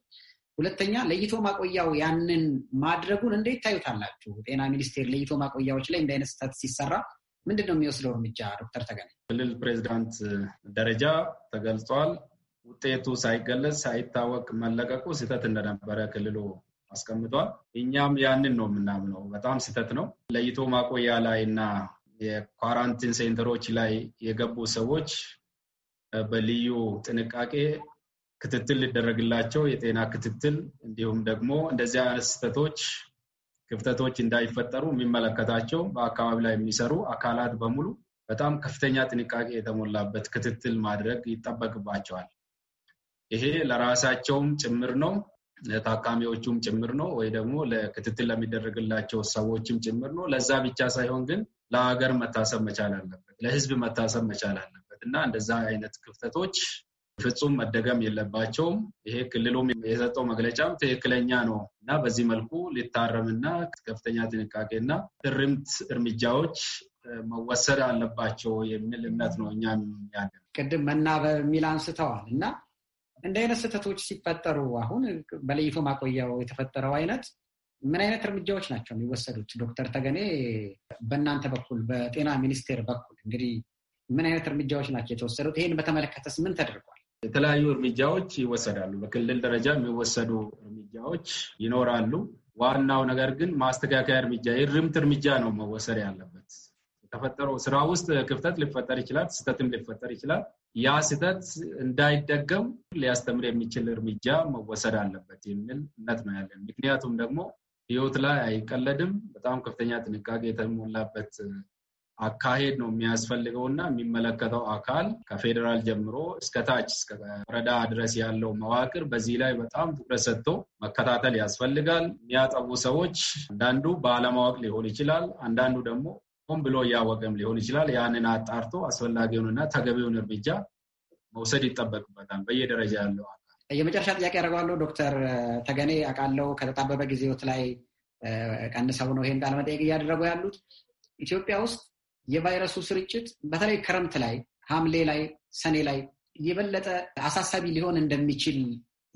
Speaker 9: ሁለተኛ ለይቶ ማቆያው ያንን ማድረጉን እንዴት ታዩታላችሁ? ጤና ሚኒስቴር ለይቶ ማቆያዎች ላይ እንዲህ አይነት ስህተት ሲሰራ ምንድን ነው የሚወስደው እርምጃ? ዶክተር ተገነ
Speaker 1: ክልል ፕሬዚዳንት ደረጃ ተገልጿል። ውጤቱ ሳይገለጽ ሳይታወቅ መለቀቁ ስህተት እንደነበረ ክልሉ አስቀምጧል። እኛም ያንን ነው የምናምነው። በጣም ስህተት ነው። ለይቶ ማቆያ ላይ እና የኳራንቲን ሴንተሮች ላይ የገቡ ሰዎች በልዩ ጥንቃቄ ክትትል ሊደረግላቸው የጤና ክትትል እንዲሁም ደግሞ እንደዚህ አይነት ስህተቶች፣ ክፍተቶች እንዳይፈጠሩ የሚመለከታቸው በአካባቢ ላይ የሚሰሩ አካላት በሙሉ በጣም ከፍተኛ ጥንቃቄ የተሞላበት ክትትል ማድረግ ይጠበቅባቸዋል። ይሄ ለራሳቸውም ጭምር ነው፣ ለታካሚዎቹም ጭምር ነው፣ ወይ ደግሞ ለክትትል ለሚደረግላቸው ሰዎችም ጭምር ነው። ለዛ ብቻ ሳይሆን ግን ለሀገር መታሰብ መቻል አለበት፣ ለሕዝብ መታሰብ መቻል አለበት እና እንደዛ አይነት ክፍተቶች ፍጹም መደገም የለባቸውም። ይሄ ክልሉም የሰጠው መግለጫም ትክክለኛ ነው እና በዚህ መልኩ ሊታረምና ከፍተኛ ጥንቃቄና ትርምት እርምጃዎች መወሰድ
Speaker 9: አለባቸው የሚል እምነት ነው እኛም ያለ። ቅድም መናበብ የሚል አንስተዋል እና እንደ አይነት ስህተቶች ሲፈጠሩ አሁን በለይቶ ማቆያው የተፈጠረው አይነት ምን አይነት እርምጃዎች ናቸው የሚወሰዱት? ዶክተር ተገኔ በእናንተ በኩል በጤና ሚኒስቴር በኩል እንግዲህ ምን አይነት እርምጃዎች ናቸው የተወሰዱት? ይህን በተመለከተስ ምን ተደርጓል? የተለያዩ
Speaker 1: እርምጃዎች ይወሰዳሉ። በክልል ደረጃ የሚወሰዱ እርምጃዎች ይኖራሉ። ዋናው ነገር ግን ማስተካከያ እርምጃ የርምት እርምጃ ነው መወሰድ ያለበት። የተፈጠረው ስራ ውስጥ ክፍተት ሊፈጠር ይችላል፣ ስህተትም ሊፈጠር ይችላል። ያ ስህተት እንዳይደገም ሊያስተምር የሚችል እርምጃ መወሰድ አለበት የሚል እምነት ነው ያለን። ምክንያቱም ደግሞ ህይወት ላይ አይቀለድም። በጣም ከፍተኛ ጥንቃቄ የተሞላበት አካሄድ ነው የሚያስፈልገው እና የሚመለከተው አካል ከፌዴራል ጀምሮ እስከ ታች እስከ ወረዳ ድረስ ያለው መዋቅር በዚህ ላይ በጣም ትኩረት ሰጥቶ መከታተል ያስፈልጋል። የሚያጠቡ ሰዎች አንዳንዱ ባለማወቅ ሊሆን ይችላል፣ አንዳንዱ ደግሞ ሆን ብሎ እያወቀም ሊሆን ይችላል። ያንን አጣርቶ አስፈላጊውንና ተገቢውን እርምጃ መውሰድ ይጠበቅበታል በየደረጃ ያለው አካል።
Speaker 9: የመጨረሻ ጥያቄ ያደርገዋለሁ። ዶክተር ተገኔ አውቃለሁ ከተጣበበ ጊዜዎት ላይ ቀንሰው ነው ይሄን ቃለ እያደረጉ ያሉት ኢትዮጵያ ውስጥ የቫይረሱ ስርጭት በተለይ ክረምት ላይ ሐምሌ ላይ ሰኔ ላይ የበለጠ አሳሳቢ ሊሆን እንደሚችል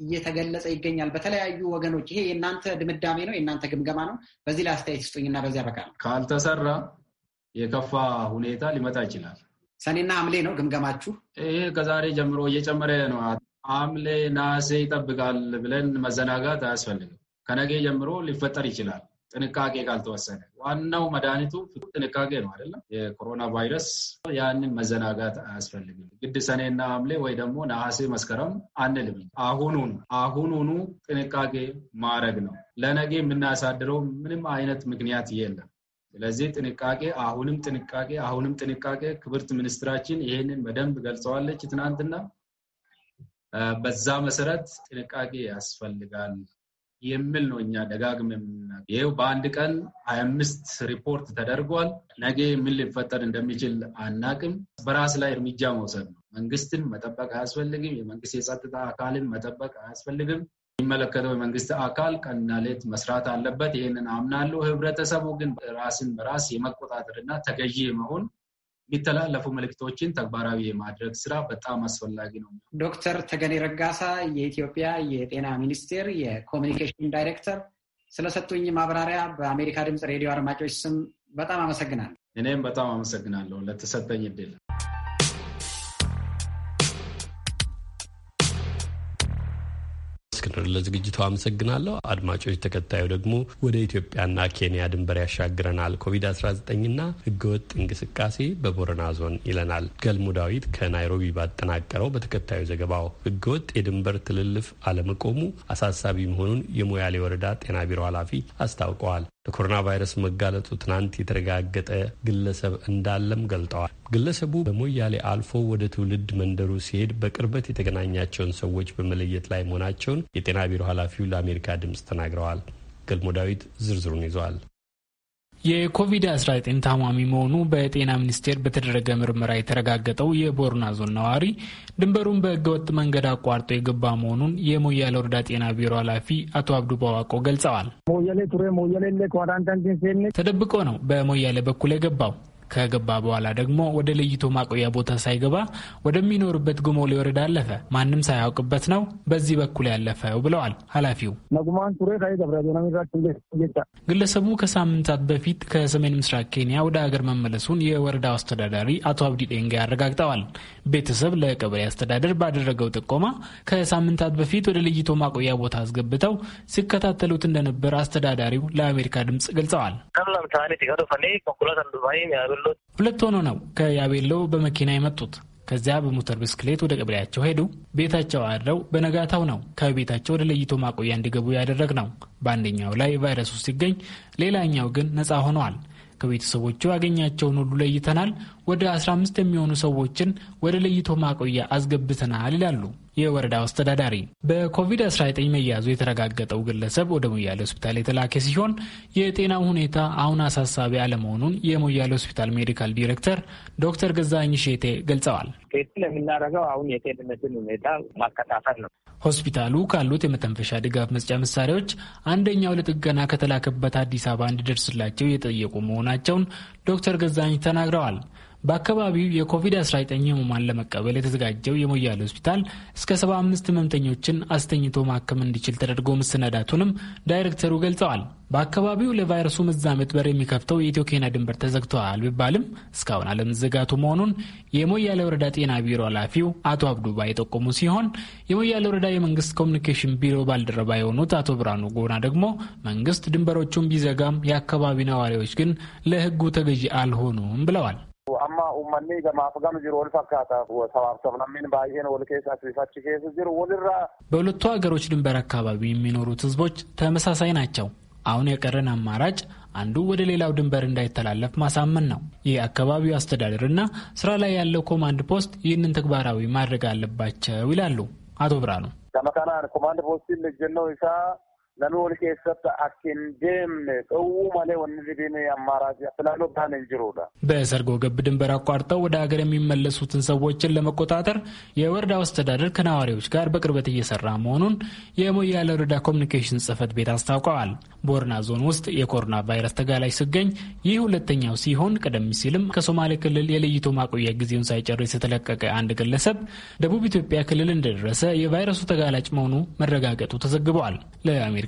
Speaker 9: እየተገለጸ ይገኛል በተለያዩ ወገኖች። ይሄ የእናንተ ድምዳሜ ነው፣ የእናንተ ግምገማ ነው። በዚህ ላይ አስተያየት ስጡኝና በዚያ በቃ
Speaker 1: ካልተሰራ የከፋ
Speaker 9: ሁኔታ ሊመጣ ይችላል። ሰኔና ሐምሌ ነው ግምገማችሁ?
Speaker 1: ይህ ከዛሬ ጀምሮ እየጨመረ ነው። ሐምሌ ነሐሴ ይጠብቃል ብለን መዘናጋት አያስፈልግም። ከነገ ጀምሮ ሊፈጠር ይችላል። ጥንቃቄ ካልተወሰደ ዋናው መድኃኒቱ ጥንቃቄ ነው አይደለም። የኮሮና ቫይረስ ያንን መዘናጋት አያስፈልግም። ግድ ሰኔና ሐምሌ ወይ ደግሞ ነሐሴ፣ መስከረም አንልም። አሁኑን አሁኑኑ ጥንቃቄ ማድረግ ነው። ለነገ የምናሳድረው ምንም አይነት ምክንያት የለም። ስለዚህ ጥንቃቄ አሁንም ጥንቃቄ አሁንም ጥንቃቄ። ክብርት ሚኒስትራችን ይህንን በደንብ ገልጸዋለች ትናንትና። በዛ መሰረት ጥንቃቄ ያስፈልጋል የሚል ነው። እኛ ደጋግም የምናገር ይኸው በአንድ ቀን ሀያ አምስት ሪፖርት ተደርጓል። ነገ ምን ሊፈጠር እንደሚችል አናቅም። በራስ ላይ እርምጃ መውሰድ ነው። መንግስትን መጠበቅ አያስፈልግም። የመንግስት የጸጥታ አካልን መጠበቅ አያስፈልግም። የሚመለከተው የመንግስት አካል ቀንና ሌት መስራት አለበት። ይህንን አምናለሁ። ህብረተሰቡ ግን ራስን በራስ የመቆጣጠርና ተገዢ መሆን። የሚተላለፉ መልእክቶችን ተግባራዊ የማድረግ ስራ በጣም አስፈላጊ ነው።
Speaker 9: ዶክተር ተገኔ ረጋሳ የኢትዮጵያ የጤና ሚኒስቴር የኮሚኒኬሽን ዳይሬክተር ስለሰጡኝ ማብራሪያ በአሜሪካ ድምፅ ሬዲዮ አድማጮች ስም በጣም አመሰግናለሁ።
Speaker 1: እኔም በጣም አመሰግናለሁ ለተሰጠኝ እድል።
Speaker 2: ዳክተር ለዝግጅቱ አመሰግናለሁ። አድማጮች፣ ተከታዩ ደግሞ ወደ ኢትዮጵያና ኬንያ ድንበር ያሻግረናል። ኮቪድ-19ና ህገወጥ እንቅስቃሴ በቦረና ዞን ይለናል። ገልሙ ዳዊት ከናይሮቢ ባጠናቀረው በተከታዩ ዘገባው ህገወጥ የድንበር ትልልፍ አለመቆሙ አሳሳቢ መሆኑን የሞያሌ ወረዳ ጤና ቢሮ ኃላፊ አስታውቀዋል። ለኮሮና ቫይረስ መጋለጡ ትናንት የተረጋገጠ ግለሰብ እንዳለም ገልጠዋል። ግለሰቡ በሞያሌ አልፎ ወደ ትውልድ መንደሩ ሲሄድ በቅርበት የተገናኛቸውን ሰዎች በመለየት ላይ መሆናቸውን የጤና ቢሮ ኃላፊው ለአሜሪካ ድምፅ ተናግረዋል። ገልሞ ዳዊት ዝርዝሩን ይዘዋል።
Speaker 10: የኮቪድ-19 ታማሚ መሆኑ በጤና ሚኒስቴር በተደረገ ምርመራ የተረጋገጠው የቦርና ዞን ነዋሪ ድንበሩን በህገወጥ መንገድ አቋርጦ የገባ መሆኑን የሞያሌ ወረዳ ጤና ቢሮ ኃላፊ አቶ አብዱ ባዋቆ ገልጸዋል። ተደብቆ ነው በሞያሌ በኩል የገባው ከገባ በኋላ ደግሞ ወደ ለይቶ ማቆያ ቦታ ሳይገባ ወደሚኖርበት ጉሞ ወረዳ አለፈ። ማንም ሳያውቅበት ነው በዚህ በኩል ያለፈው ብለዋል ኃላፊው። ግለሰቡ ከሳምንታት በፊት ከሰሜን ምስራቅ ኬንያ ወደ ሀገር መመለሱን የወረዳው አስተዳዳሪ አቶ አብዲ ዴንጋ ያረጋግጠዋል። ቤተሰብ ለቀበሌ አስተዳደር ባደረገው ጥቆማ ከሳምንታት በፊት ወደ ለይቶ ማቆያ ቦታ አስገብተው ሲከታተሉት እንደነበር አስተዳዳሪው ለአሜሪካ ድምጽ ገልጸዋል። የበሉት። ሁለት ሆኖ ነው ከያቤሎ በመኪና የመጡት። ከዚያ በሞተር ብስክሌት ወደ ቀበሌያቸው ሄዱ። ቤታቸው አድረው በነጋታው ነው ከቤታቸው ወደ ለይቶ ማቆያ እንዲገቡ ያደረግ ነው። በአንደኛው ላይ ቫይረሱ ሲገኝ፣ ሌላኛው ግን ነፃ ሆነዋል። ከቤተሰቦቹ ያገኛቸውን ሁሉ ለይተናል። ወደ 15 የሚሆኑ ሰዎችን ወደ ለይቶ ማቆያ አስገብተናል ይላሉ የወረዳው አስተዳዳሪ። በኮቪድ-19 መያዙ የተረጋገጠው ግለሰብ ወደ ሞያሌ ሆስፒታል የተላከ ሲሆን የጤናው ሁኔታ አሁን አሳሳቢ አለመሆኑን የሞያሌ ሆስፒታል ሜዲካል ዲሬክተር ዶክተር ገዛኝ ሼቴ ገልጸዋል።
Speaker 11: አሁን የጤንነትን ሁኔታ ማከታተል ነው።
Speaker 10: ሆስፒታሉ ካሉት የመተንፈሻ ድጋፍ መስጫ መሳሪያዎች አንደኛው ለጥገና ከተላከበት አዲስ አበባ እንዲደርስላቸው የጠየቁ መሆናቸውን ዶክተር ገዛኝ ተናግረዋል። በአካባቢው የኮቪድ-19 ህሙማን ለመቀበል የተዘጋጀው የሞያሌ ሆስፒታል እስከ 75 ህመምተኞችን አስተኝቶ ማከም እንዲችል ተደርጎ መሰናዳቱንም ዳይሬክተሩ ገልጸዋል። በአካባቢው ለቫይረሱ መዛመት በር የሚከፍተው የኢትዮ ኬንያ ድንበር ተዘግተዋል ቢባልም እስካሁን አለመዘጋቱ መሆኑን የሞያሌ ወረዳ ጤና ቢሮ ኃላፊው አቶ አብዱባ የጠቆሙ ሲሆን የሞያሌ ወረዳ የመንግስት ኮሚኒኬሽን ቢሮ ባልደረባ የሆኑት አቶ ብርሃኑ ጎና ደግሞ መንግስት ድንበሮቹን ቢዘጋም የአካባቢ ነዋሪዎች ግን ለህጉ ተገዢ አልሆኑም ብለዋል።
Speaker 11: amma uummanni gamaaf gam jiru wal fakkaata ሰባብ ሰብናሚን ባይኤን ወል ኬሳ ሲፋች keessa jiru walirraa
Speaker 10: በሁለቱ ሀገሮች ድንበር አካባቢ የሚኖሩት ህዝቦች ተመሳሳይ ናቸው። አሁን የቀረን አማራጭ አንዱ ወደ ሌላው ድንበር እንዳይተላለፍ ማሳመን ነው። የአካባቢው አስተዳደርና ስራ ላይ ያለው ኮማንድ ፖስት ይህንን ተግባራዊ ማድረግ አለባቸው ይላሉ አቶ ብራኑ
Speaker 11: ከመካናን ኮማንድ ፖስት ልጅነው ይሳ ለምን ወልኬ ሰጠ አኪን ደም ቀው ወንዚ ዲነ አማራጭ ያስላሉ ባን እንጅሩዳ
Speaker 10: በሰርጎ ገብ ድንበር አቋርጠው ወደ ሀገር የሚመለሱትን ሰዎችን ለመቆጣጠር የወረዳው አስተዳደር ከነዋሪዎች ጋር በቅርበት እየሰራ መሆኑን የሞያለ ወረዳ ኮሚኒኬሽን ጽህፈት ቤት አስታውቀዋል። ቦርና ዞን ውስጥ የኮሮና ቫይረስ ተጋላጭ ሲገኝ ይህ ሁለተኛው ሲሆን ቀደም ሲልም ከሶማሌ ክልል የለይቶ ማቆያ ጊዜውን ሳይጨርስ የተለቀቀ አንድ ግለሰብ ደቡብ ኢትዮጵያ ክልል እንደደረሰ የቫይረሱ ተጋላጭ መሆኑ መረጋገጡ ተዘግበዋል። ለአሜሪካ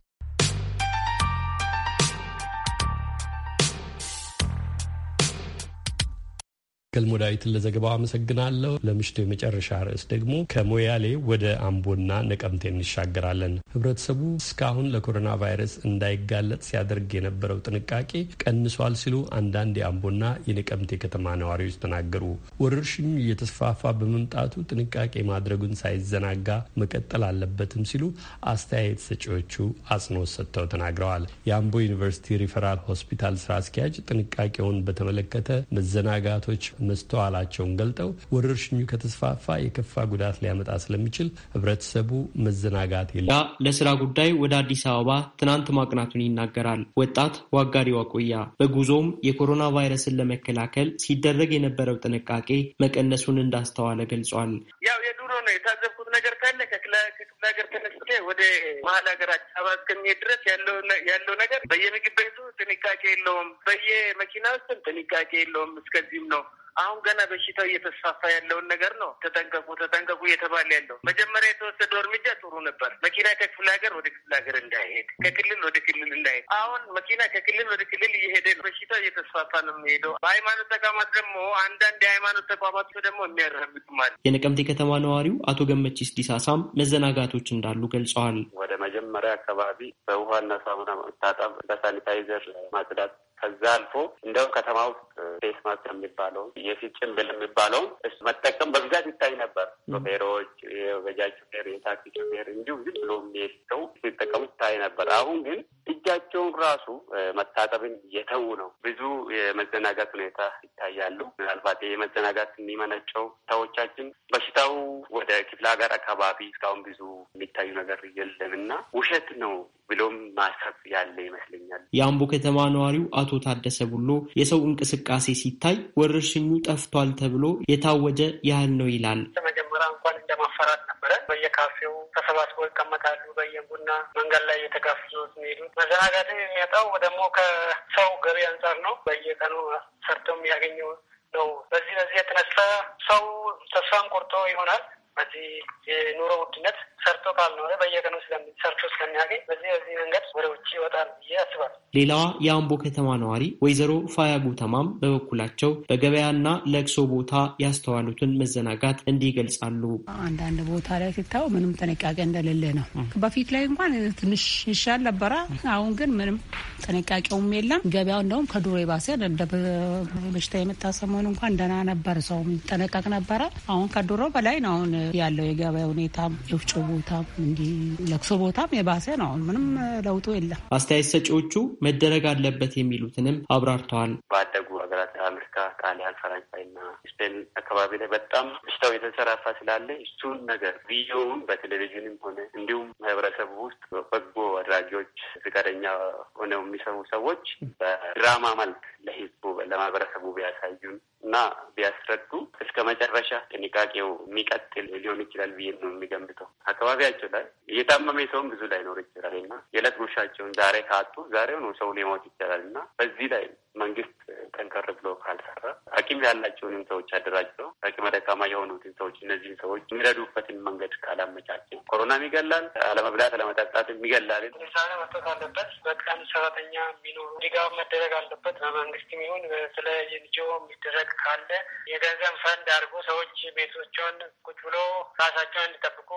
Speaker 2: ገልሞ ዳዊትን ለዘገባው አመሰግናለሁ። ለምሽቱ የመጨረሻ ርዕስ ደግሞ ከሞያሌ ወደ አምቦና ነቀምቴ እንሻገራለን። ህብረተሰቡ እስካሁን ለኮሮና ቫይረስ እንዳይጋለጥ ሲያደርግ የነበረው ጥንቃቄ ቀንሷል ሲሉ አንዳንድ የአምቦና የነቀምቴ ከተማ ነዋሪዎች ተናገሩ። ወረርሽኙ እየተስፋፋ በመምጣቱ ጥንቃቄ ማድረጉን ሳይዘናጋ መቀጠል አለበትም ሲሉ አስተያየት ሰጪዎቹ አጽንኦት ሰጥተው ተናግረዋል። የአምቦ ዩኒቨርሲቲ ሪፈራል ሆስፒታል ስራ አስኪያጅ ጥንቃቄውን በተመለከተ መዘናጋቶች መስተዋላቸውን ገልጠው ወረርሽኙ ከተስፋፋ የከፋ ጉዳት ሊያመጣ ስለሚችል ህብረተሰቡ መዘናጋት የለ
Speaker 12: ለስራ ጉዳይ ወደ አዲስ አበባ ትናንት ማቅናቱን ይናገራል። ወጣት ዋጋሪ ዋቆያ በጉዞም የኮሮና ቫይረስን ለመከላከል ሲደረግ የነበረው ጥንቃቄ መቀነሱን እንዳስተዋለ ገልጿል።
Speaker 11: ነው የታዘብኩት ነገር ካለ ከክፍለ ሀገር ተነስቼ ወደ መሀል ሀገራችን አባ እስከሚሄድ ድረስ ያለው ነገር በየምግብ ቤቱ ጥንቃቄ የለውም፣ በየመኪና ውስጥም ጥንቃቄ የለውም። እስከዚህም ነው። አሁን ገና በሽታው እየተስፋፋ ያለውን ነገር ነው። ተጠንቀቁ ተጠንቀቁ እየተባለ ያለው መጀመሪያ የተወሰደው እርምጃ ጥሩ ነበር። መኪና ከክፍለ ሀገር ወደ ክፍለ ሀገር እንዳይሄድ፣ ከክልል ወደ ክልል እንዳይሄድ። አሁን መኪና ከክልል ወደ ክልል እየሄደ ነው። በሽታው እየተስፋፋ ነው የሚሄደው። በሃይማኖት ተቋማት ደግሞ አንዳንድ የሃይማኖት ተቋማት ደግሞ
Speaker 12: ማለት የነቀምቴ ከተማ ነዋሪ ተጠሪው አቶ ገመቺስ ዲሳሳም መዘናጋቶች እንዳሉ ገልጸዋል።
Speaker 13: ወደ መጀመሪያ አካባቢ በውሃና ሳሙና መታጠብ፣ በሳኒታይዘር ማጽዳት ከዛ አልፎ እንደውም ከተማ ውስጥ ፌስ ማስክ የሚባለው የፊት ጭንብል የሚባለው እሱ መጠቀም በብዛት ይታይ ነበር። ሾፌሮች፣ የበጃጅ ሾፌር፣ የታክሲ ሾፌር እንዲሁም ዝም ብሎ የሚሄድ ሰው ሲጠቀሙ ይታይ ነበር። አሁን ግን እጃቸውን ራሱ መታጠብን የተዉ ነው። ብዙ የመዘናጋት ሁኔታ ይታያሉ። ምናልባት የመዘናጋት የሚመነጨው ሰዎቻችን በሽታው ወደ ክፍለ ሀገር አካባቢ እስካሁን ብዙ የሚታዩ ነገር የለም እና ውሸት ነው ብሎም ማሰብ ያለ ይመስለኛል።
Speaker 12: የአምቦ ከተማ ነዋሪው አቶ አቶ ታደሰ ቡሎ የሰው እንቅስቃሴ ሲታይ ወረርሽኙ ጠፍቷል ተብሎ የታወጀ ያህል ነው ይላል።
Speaker 13: መጀመሪያ እንኳን እንደማፈራት ነበረ። በየካፌው ተሰባስቦ ይቀመጣሉ። በየቡና መንገድ ላይ
Speaker 11: እየተጋፈዙ የሚሄዱት መዘናጋት የሚያጣው ደግሞ ከሰው ገቢ አንጻር ነው። በየቀኑ ሰርቶ የሚያገኘው ነው። በዚህ በዚህ የተነሳ ሰው ተስፋም ቆርጦ ይሆናል በዚህ የኑሮ ውድነት ሰርቶ ካልኖረ በየቀኑ ሰርቶ ስለሚያገኝ በዚህ በዚህ መንገድ ወደ
Speaker 12: ውጭ ይወጣል ብዬ አስባለሁ። ሌላዋ የአምቦ ከተማ ነዋሪ ወይዘሮ ፋያ ጉተማም በበኩላቸው በገበያና ለቅሶ ቦታ ያስተዋሉትን መዘናጋት እንዲህ ይገልጻሉ።
Speaker 3: አንዳንድ ቦታ ላይ ሲታው ምንም ጥንቃቄ እንደሌለ ነው። በፊት ላይ እንኳን ትንሽ ይሻል ነበረ። አሁን ግን ምንም ጥንቃቄውም የለም። ገበያው እንደውም ከድሮ የባሰ እንደ በሽታ የመጣ ሰሞን እንኳን ደህና ነበር፣ ሰውም ይጠነቀቅ ነበረ። አሁን ከድሮ በላይ ነው አሁን ያለው የገበያ ሁኔታም፣ የውጭ ቦታም፣ እንዲህ ለቅሶ ቦታም የባሰ ነው። አሁን ምንም ለውጡ የለም።
Speaker 12: አስተያየት ሰጪዎቹ መደረግ አለበት የሚሉትንም አብራርተዋል። ባደጉ
Speaker 13: ሀገራት አሜሪካ፣ ጣሊያን፣ ፈረንሳይ እና ስፔን አካባቢ ላይ በጣም በሽታው የተንሰራፋ ስላለ እሱን ነገር ቪዲዮውን በቴሌቪዥንም ሆነ እንዲሁም ማህበረሰቡ ውስጥ በጎ አድራጊዎች ፍቃደኛ ሆነው የሚሰሩ ሰዎች በድራማ መልክ ለህዝቡ ለማህበረሰቡ ቢያሳዩን እና ቢያስረዱ እስከ መጨረሻ ጥንቃቄው የሚቀጥል ሊሆን ይችላል ብዬ ነው የሚገምተው። አካባቢያቸው ላይ እየታመመ ሰውም ብዙ ላይኖር ይችላል እና የዕለት ጉርሻቸውን ዛሬ ካጡ ዛሬው ነው ሰው ሊሞት ይችላል እና በዚህ ላይ መንግስት ጠንከር ብሎ ካልሰራ አቅም ያላቸውንም ሰዎች አደራጅተው አቅመ ደካማ የሆኑትን ሰዎች እነዚህን ሰዎች የሚረዱበትን መንገድ ካላመቻቸ ኮሮናም ይገላል፣ አለመብላት አለመጠጣትም ይገላል። ምሳሌ መጥቶት አለበት። በቀን ሰራተኛ የሚኖሩ ድጋፍ መደረግ አለበት። በመንግስት ይሁን በተለያየ ልጆ የሚደረግ ካለ
Speaker 12: የገንዘብ ፈንድ አድርጎ ሰዎች ቤቶቻቸውን ቁጭ ብሎ ራሳቸውን እንዲጠብቁ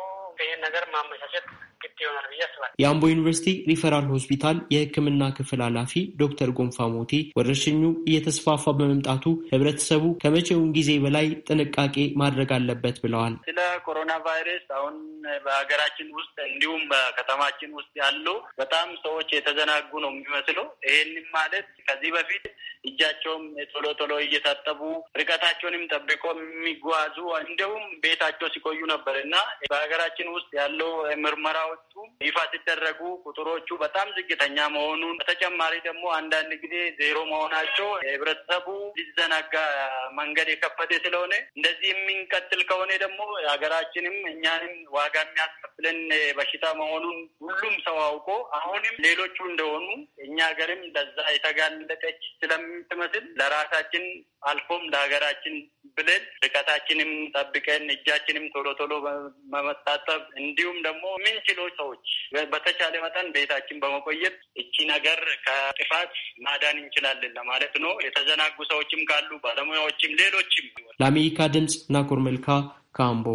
Speaker 12: ይህን ነገር ማመቻቸት ግድ ይሆናል ብዬ አስባለሁ። የአምቦ ዩኒቨርሲቲ ሪፈራል ሆስፒታል የህክምና ክፍል ኃላፊ ዶክተር ጎንፋ ሞቴ ወረርሽኙ እየተስፋፋ በመምጣቱ ህብረተሰቡ ከመቼውን ጊዜ በላይ ጥንቃቄ ማድረግ አለበት ብለዋል።
Speaker 11: ስለ ኮሮና ቫይረስ አሁን በሀገራችን ውስጥ እንዲሁም በከተማችን ውስጥ ያሉ በጣም ሰዎች የተዘናጉ ነው የሚመስለው። ይሄንም ማለት ከዚህ በፊት እጃቸውም ቶሎ ቶሎ እየታጠቡ ርቀታቸውንም ጠብቆ የሚጓዙ እንደውም ቤታቸው ሲቆዩ ነበር እና በሀገራችን ውስጥ ያለው ምርመራዎቹ ይፋ ሲደረጉ ቁጥሮቹ በጣም ዝቅተኛ መሆኑን በተጨማሪ ደግሞ አንዳንድ ጊዜ ዜሮ መሆናቸው ህብረተሰቡ ሊዘናጋ መንገድ የከፈተ ስለሆነ እንደዚህ የሚንቀጥል ከሆነ ደግሞ ሀገራችንም እኛንም ዋጋ የሚያስከፍለን በሽታ መሆኑን ሁሉም ሰው አውቆ አሁንም ሌሎቹ እንደሆኑ እኛ ሀገርም ለዛ የተጋለጠች ስለምትመስል ለራሳችን አልፎም ለሀገራችን ብለን ርቀታችንም ጠብቀን እጃችንም ቶሎ ቶሎ በመታጠብ እንዲሁም ደግሞ የምንችለው ሰዎች በተቻለ መጠን ቤታችን በመቆየት እቺ ነገር ከጥፋት ማዳን እንችላለን ለማለት ነው። የተዘናጉ ሰዎችም ካሉ ባለሙያዎችም፣
Speaker 12: ሌሎችም ለአሜሪካ ድምፅ ናኮር መልካ ካምቦ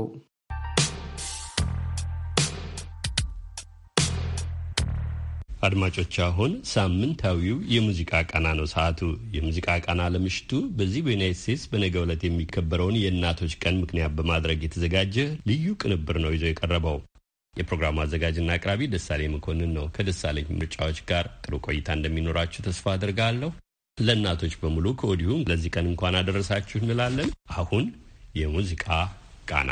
Speaker 2: አድማጮች አሁን ሳምንታዊው የሙዚቃ ቃና ነው ሰዓቱ። የሙዚቃ ቃና ለምሽቱ በዚህ በዩናይት ስቴትስ በነገ ዕለት የሚከበረውን የእናቶች ቀን ምክንያት በማድረግ የተዘጋጀ ልዩ ቅንብር ነው ይዞ የቀረበው። የፕሮግራሙ አዘጋጅና አቅራቢ ደሳሌ መኮንን ነው። ከደሳለኝ ምርጫዎች ጋር ጥሩ ቆይታ እንደሚኖራችሁ ተስፋ አድርጋለሁ። ለእናቶች በሙሉ ከወዲሁም ለዚህ ቀን እንኳን አደረሳችሁ እንላለን። አሁን የሙዚቃ ቃና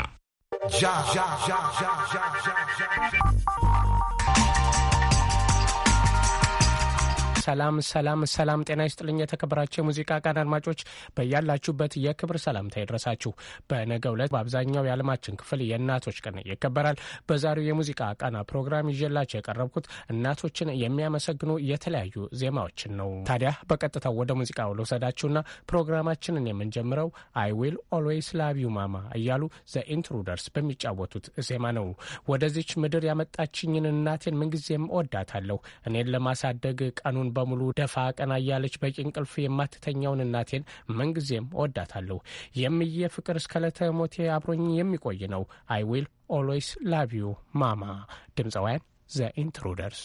Speaker 14: ሰላም ሰላም ሰላም። ጤና ይስጥልኝ የተከበራቸው የሙዚቃ ቃን አድማጮች በያላችሁበት የክብር ሰላምታ ይድረሳችሁ። በነገው ዕለት በአብዛኛው የዓለማችን ክፍል የእናቶች ቀን ይከበራል። በዛሬው የሙዚቃ ቃና ፕሮግራም ይዤላቸው የቀረብኩት እናቶችን የሚያመሰግኑ የተለያዩ ዜማዎችን ነው። ታዲያ በቀጥታው ወደ ሙዚቃው ልውሰዳችሁና ፕሮግራማችንን የምንጀምረው አይ ዊል ኦልዌይስ ላቭ ዩ ማማ እያሉ ዘ ኢንትሩደርስ በሚጫወቱት ዜማ ነው። ወደዚች ምድር ያመጣችኝን እናቴን ምንጊዜም እወዳታለሁ እኔን ለማሳደግ ቀኑን ቀኑን በሙሉ ደፋ ቀና እያለች በቂ እንቅልፍ የማትተኛውን እናቴን ምንጊዜም እወዳታለሁ። የምየ ፍቅር እስከ ዕለተ ሞቴ አብሮኝ የሚቆይ ነው። አይ ዊል ኦልዌይስ ላቭ ዩ ማማ። ድምፃውያን ዘ ኢንትሩደርስ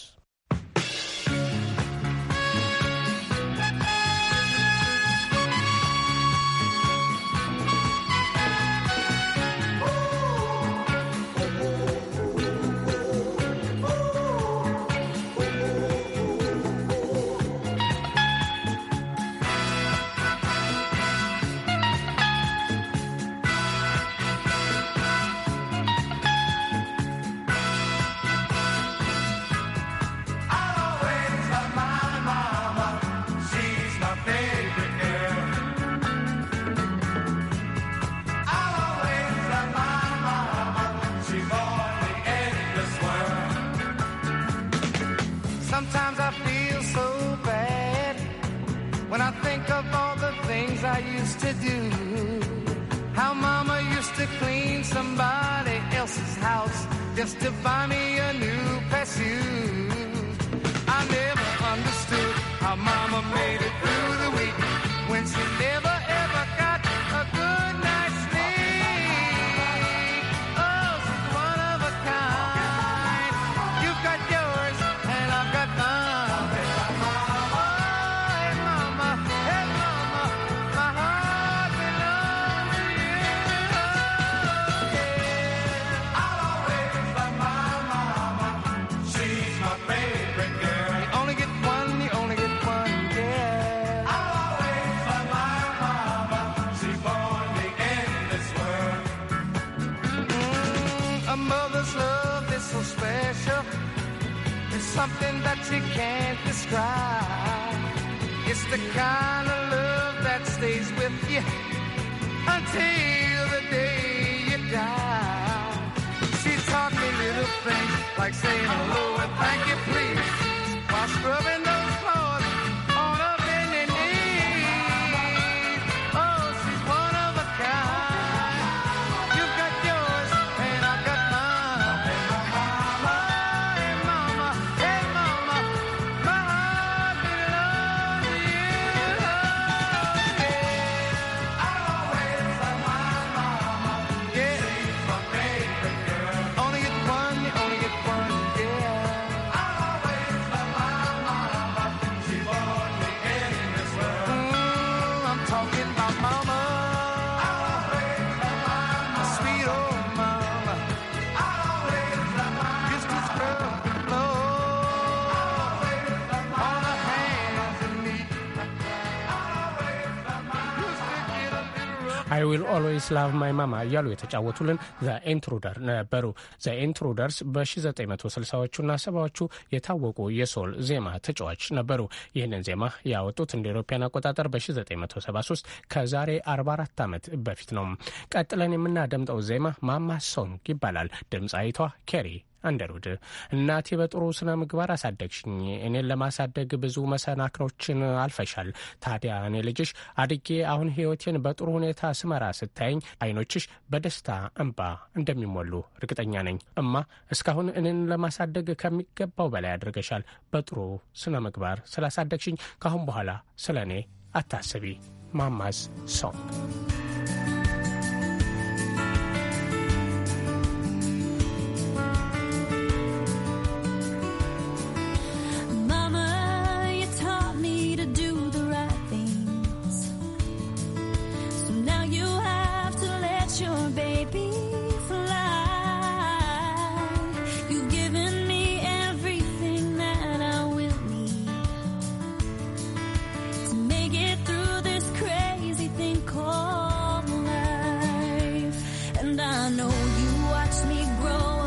Speaker 15: just to buy me a new pursuit.
Speaker 14: ዊል ኦልዌይስ ላቭ ማይ ማማ እያሉ የተጫወቱልን ዘኢንትሩደር ነበሩ። ዘኢንትሩደርስ በ1960ዎቹና ሰባዎቹ የታወቁ የሶል ዜማ ተጫዋች ነበሩ። ይህንን ዜማ ያወጡት እንደ ኢሮፓያን አቆጣጠር በ1973 ከዛሬ 44 ዓመት በፊት ነው። ቀጥለን የምናደምጠው ዜማ ማማ ሶንግ ይባላል። ድምፃዊቷ ኬሪ አንደሩድ እናቴ በጥሩ ስነ ምግባር አሳደግሽኝ። እኔን ለማሳደግ ብዙ መሰናክሎችን አልፈሻል። ታዲያ እኔ ልጅሽ አድጌ አሁን ህይወቴን በጥሩ ሁኔታ ስመራ ስታይኝ አይኖችሽ በደስታ እንባ እንደሚሞሉ እርግጠኛ ነኝ። እማ እስካሁን እኔን ለማሳደግ ከሚገባው በላይ አድርገሻል። በጥሩ ስነ ምግባር ስላሳደግሽኝ ከአሁን በኋላ ስለ እኔ አታስቢ። ማማዝ ሶንግ
Speaker 16: and I know you watched me grow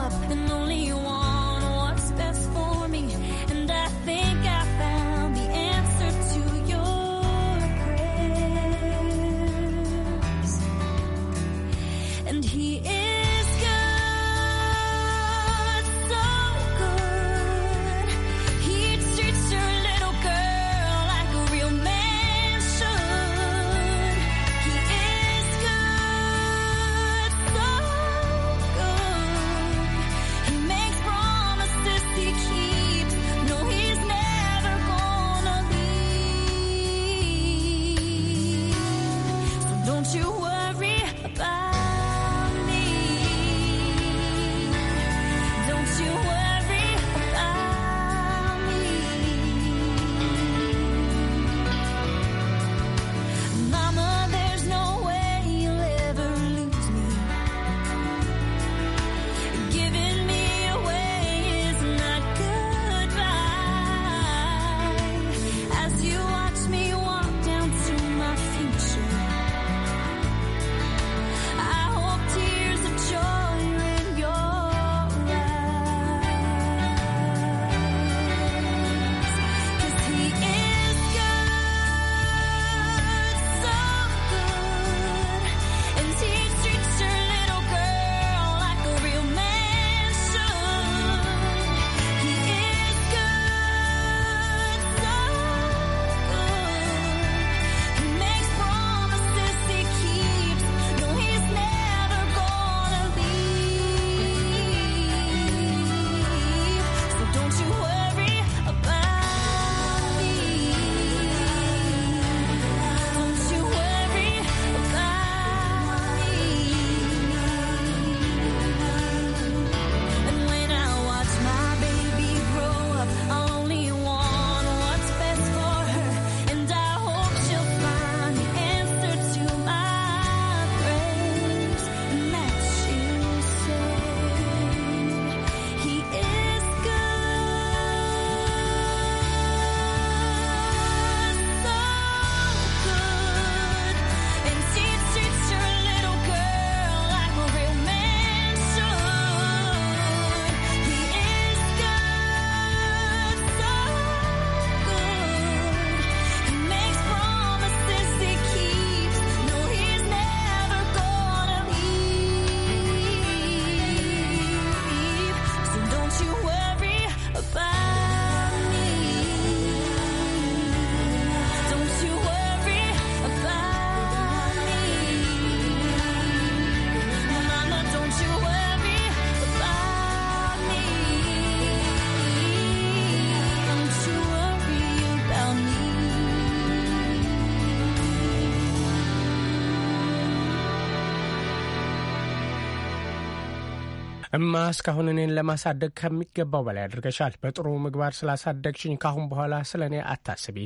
Speaker 14: እማ እስካሁን እኔን ለማሳደግ ከሚገባው በላይ አድርገሻል። በጥሩ ምግባር ስላሳደግሽኝ ካሁን በኋላ ስለ እኔ አታስቢ።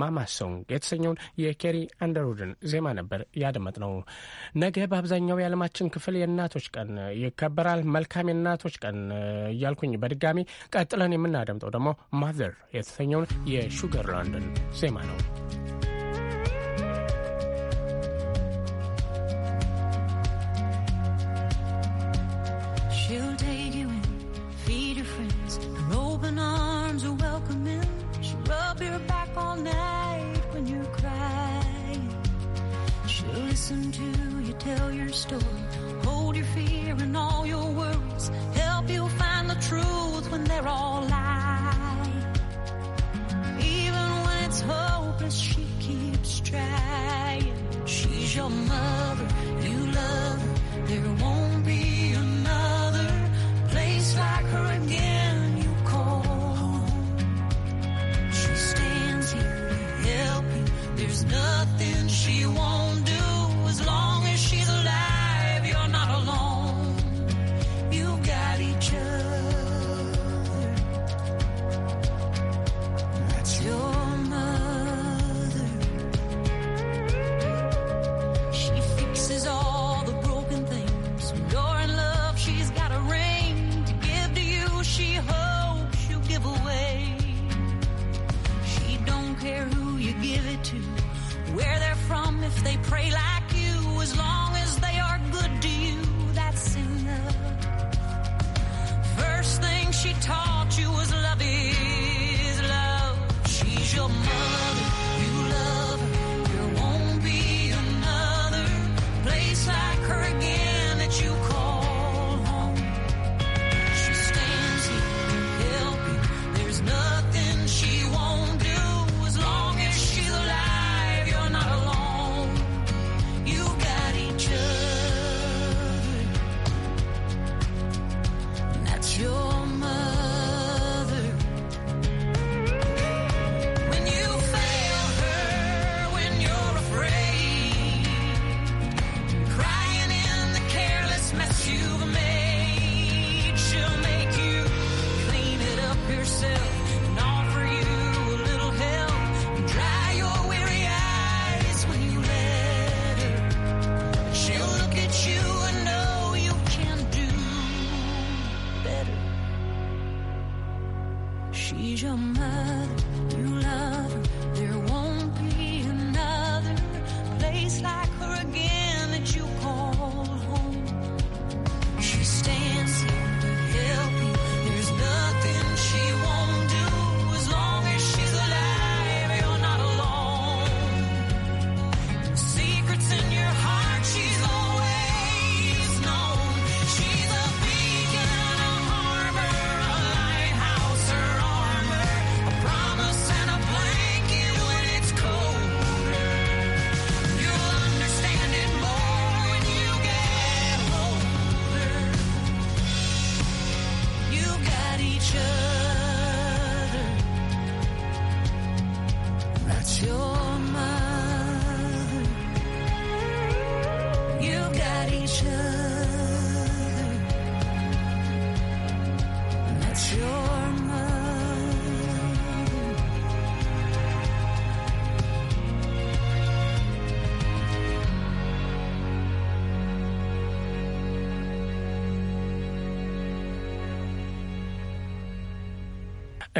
Speaker 14: ማማ የተሰኘውን የኬሪ አንደርውድን ዜማ ነበር ያደመጥ ነው። ነገ በአብዛኛው የዓለማችን ክፍል የእናቶች ቀን ይከበራል። መልካም የእናቶች ቀን እያልኩኝ በድጋሚ ቀጥለን የምናደምጠው ደግሞ ማዘር የተሰኘውን የሹገርላንድን ዜማ ነው።
Speaker 16: listen to you tell your story. Hold your fear and all your worries. Help you find the truth when they're all lies. Even when it's hopeless, she keeps trying. She's your mother.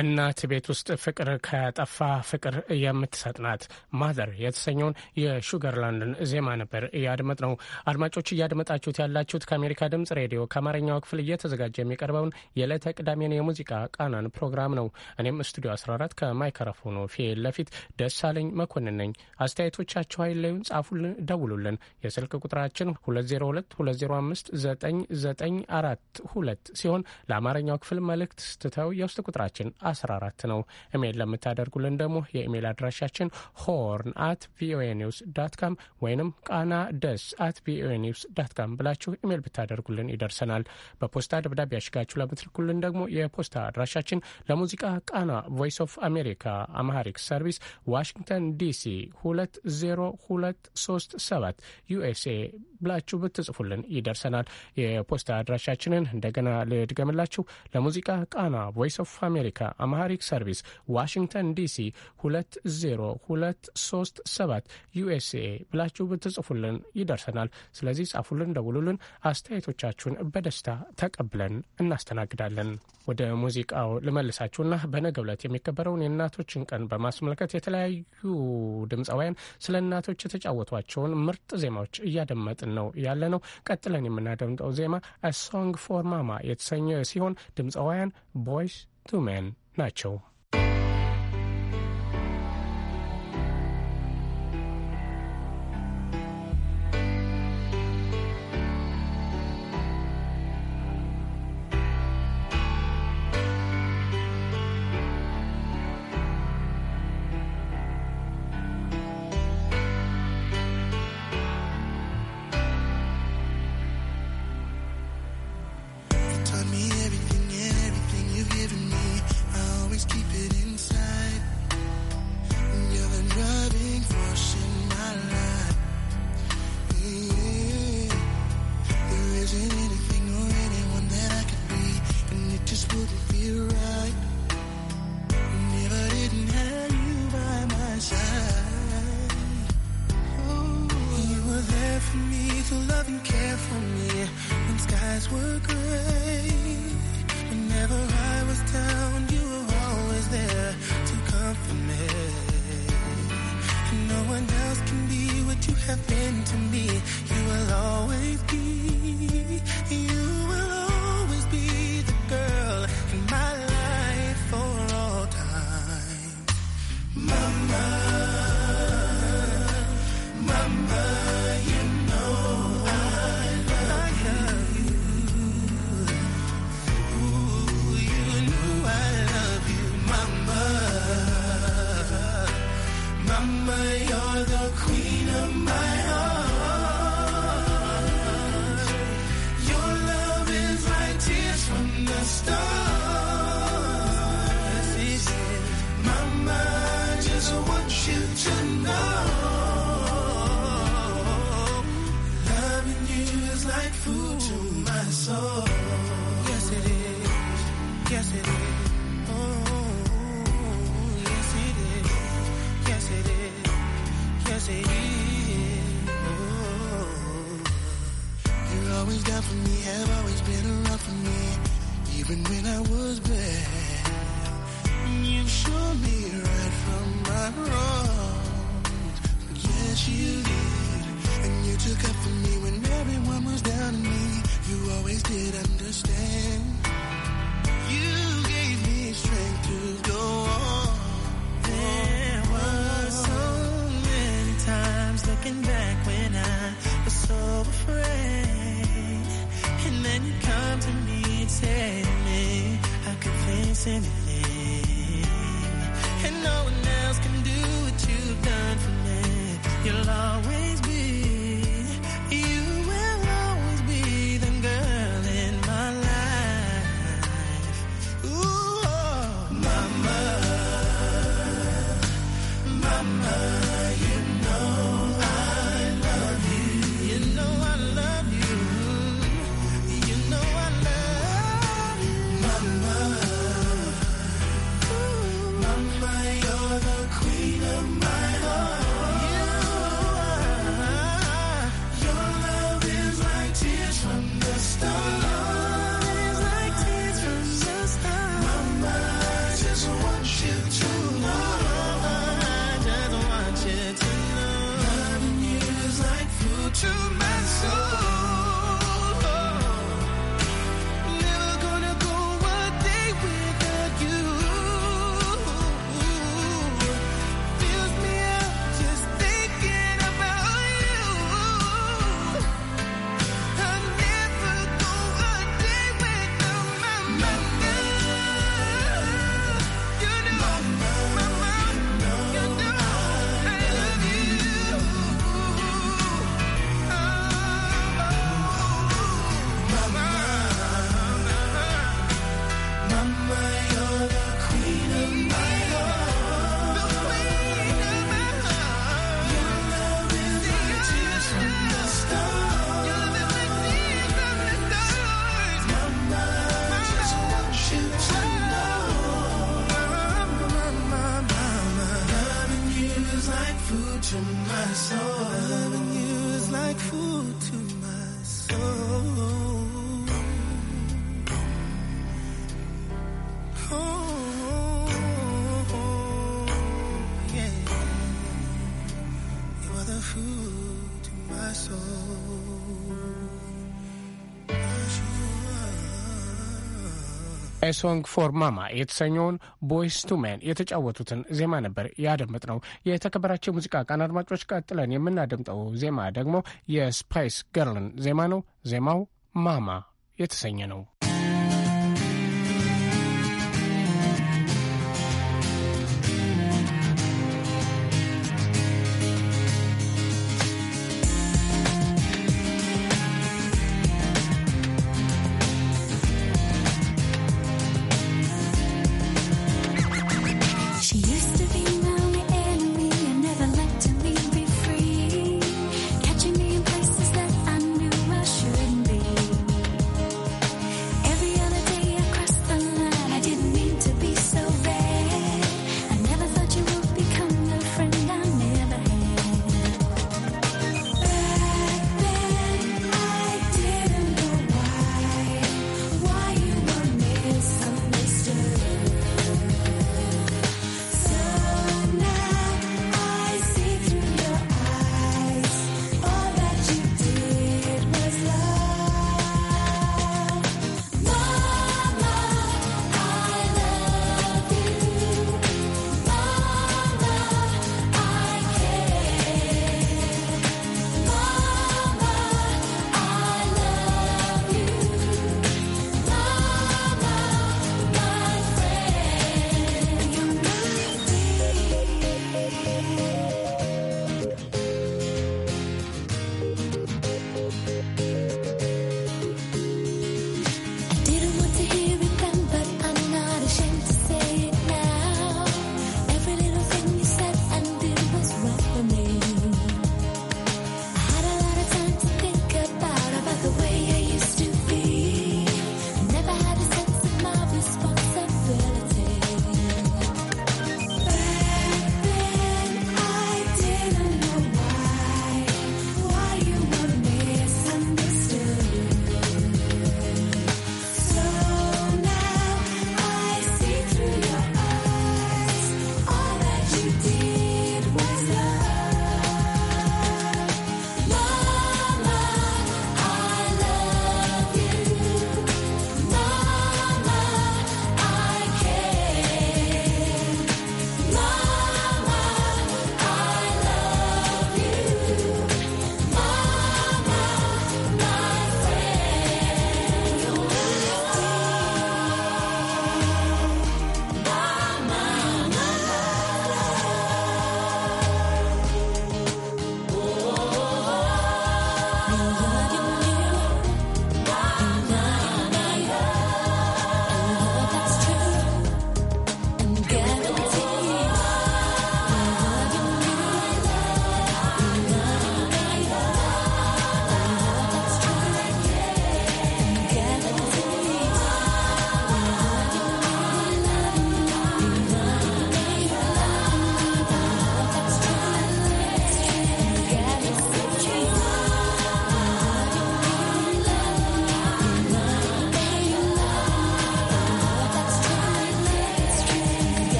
Speaker 14: እናት ቤት ውስጥ ፍቅር ከጠፋ ፍቅር የምትሰጥ ናት ማዘር የተሰኘውን የሹገርላንድን ዜማ ነበር እያድመጥ ነው። አድማጮች እያድመጣችሁት ያላችሁት ከአሜሪካ ድምጽ ሬዲዮ ከአማርኛው ክፍል እየተዘጋጀ የሚቀርበውን የዕለተ ቅዳሜን የሙዚቃ ቃናን ፕሮግራም ነው። እኔም ስቱዲዮ 14 ከማይክሮፎኑ ፊት ለፊት ደሳለኝ መኮንን ነኝ። አስተያየቶቻችሁ አይለዩን፣ ጻፉልን፣ ደውሉልን። የስልክ ቁጥራችን 2022059942 ሲሆን ለአማርኛው ክፍል መልእክት ስትተው የውስጥ ቁጥራችን 14 ነው። ኢሜይል ለምታደርጉልን ደግሞ የኢሜይል አድራሻችን ሆርን አት ቪኦኤ ኒውስ ዳት ካም ወይንም ቃና ደስ አት ቪኦኤ ኒውስ ዳት ካም ብላችሁ ኢሜይል ብታደርጉልን ይደርሰናል። በፖስታ ደብዳቤ ያሽጋችሁ ለምትልኩልን ደግሞ የፖስታ አድራሻችን ለሙዚቃ ቃና ቮይስ ኦፍ አሜሪካ አማሃሪክ ሰርቪስ ዋሽንግተን ዲሲ 20237 ዩኤስኤ ብላችሁ ብትጽፉልን ይደርሰናል። የፖስታ አድራሻችንን እንደገና ልድገምላችሁ። ለሙዚቃ ቃና ቮይስ ኦፍ አሜሪካ አማሃሪክ ሰርቪስ ዋሽንግተን ዲሲ 20237 ዩኤስኤ ብላችሁ ብትጽፉልን ይደርሰናል። ስለዚህ ጻፉልን፣ ደውሉልን። አስተያየቶቻችሁን በደስታ ተቀብለን እናስተናግዳለን። ወደ ሙዚቃው ልመልሳችሁና በነገ ዕለት የሚከበረውን የእናቶችን ቀን በማስመልከት የተለያዩ ድምፃውያን ስለ እናቶች የተጫወቷቸውን ምርጥ ዜማዎች እያደመጥን ነው ያለ ነው። ቀጥለን የምናደምጠው ዜማ ሶንግ ፎር ማማ የተሰኘ ሲሆን ድምፃውያን ቦይስ ቱ ሜን ናቸው። ኤሶንግ ፎር ማማ የተሰኘውን ቦይስ ቱ ሜን የተጫወቱትን ዜማ ነበር ያደመጥ ነው። የተከበራቸው የሙዚቃ ቃን አድማጮች፣ ቀጥለን የምናደምጠው ዜማ ደግሞ የስፓይስ ገርልን ዜማ ነው። ዜማው ማማ የተሰኘ ነው።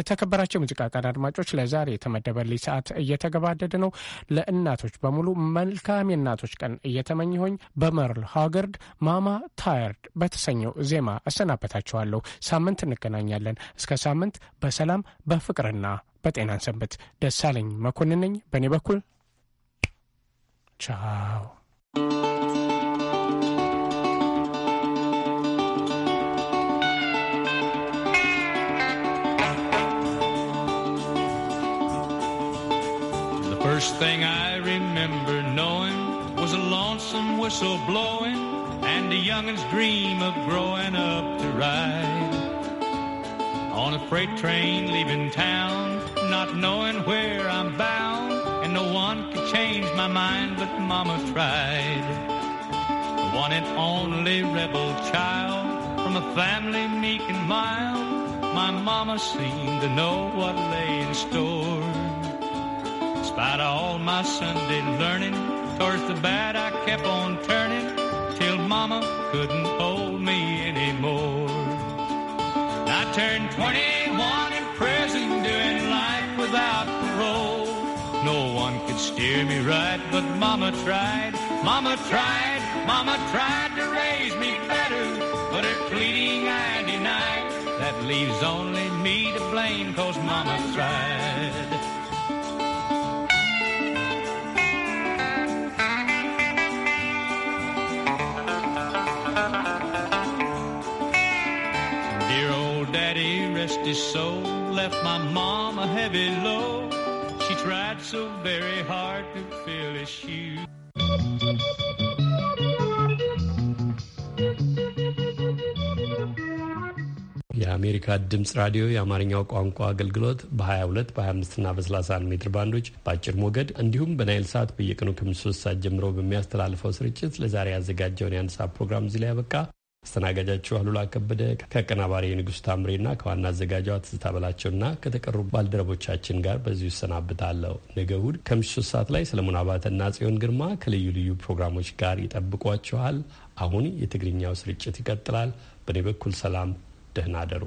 Speaker 14: የተከበራቸው የሙዚቃ ቀን አድማጮች፣ ለዛሬ የተመደበልኝ ሰዓት እየተገባደደ ነው። ለእናቶች በሙሉ መልካም የእናቶች ቀን እየተመኘሆኝ በመርል ሃገርድ ማማ ታየርድ በተሰኘው ዜማ እሰናበታችኋለሁ። ሳምንት እንገናኛለን። እስከ ሳምንት በሰላም በፍቅርና በጤና ሰንበት። ደሳለኝ መኮንን ነኝ። በእኔ በኩል ቻው።
Speaker 15: First thing I remember knowing was a lonesome whistle blowing and a youngin's dream of growing up to ride. On a freight train leaving town, not knowing where I'm bound, and no one could change my mind but Mama tried. The one and only rebel child from a family meek and mild, my Mama seemed to know what lay in store. Despite all my Sunday learning, towards the bad I kept on turning till Mama couldn't hold me anymore. I turned 21 in prison, doing life without parole. No one could steer me right, but Mama tried, Mama tried, Mama tried to raise me better, but her pleading I denied. That leaves only me to blame, cause Mama tried. selfish soul left my mom a heavy load. She tried so very hard to fill his shoes.
Speaker 2: የአሜሪካ ድምፅ ራዲዮ የአማርኛው ቋንቋ አገልግሎት በ22 በ25 ና በ31 ሜትር ባንዶች በአጭር ሞገድ እንዲሁም በናይል ሰዓት በየቀኑ ከምሽቱ 3 ሰዓት ጀምሮ በሚያስተላልፈው ስርጭት ለዛሬ ያዘጋጀውን የአንድ ሰዓት ፕሮግራም እዚህ ላይ ያበቃ። አስተናጋጃችሁ አሉላ ከበደ ከአቀናባሪ ንጉሥ ታምሬና ከዋና አዘጋጇ ትዝታ በላቸውና ከተቀሩ ባልደረቦቻችን ጋር በዚሁ ይሰናብታለሁ። ነገ እሁድ ከምሽቱ ሰዓት ላይ ሰለሞን አባተና ጽዮን ግርማ ከልዩ ልዩ ፕሮግራሞች ጋር ይጠብቋችኋል። አሁን የትግርኛው ስርጭት ይቀጥላል። በእኔ በኩል ሰላም፣ ደህና አደሩ።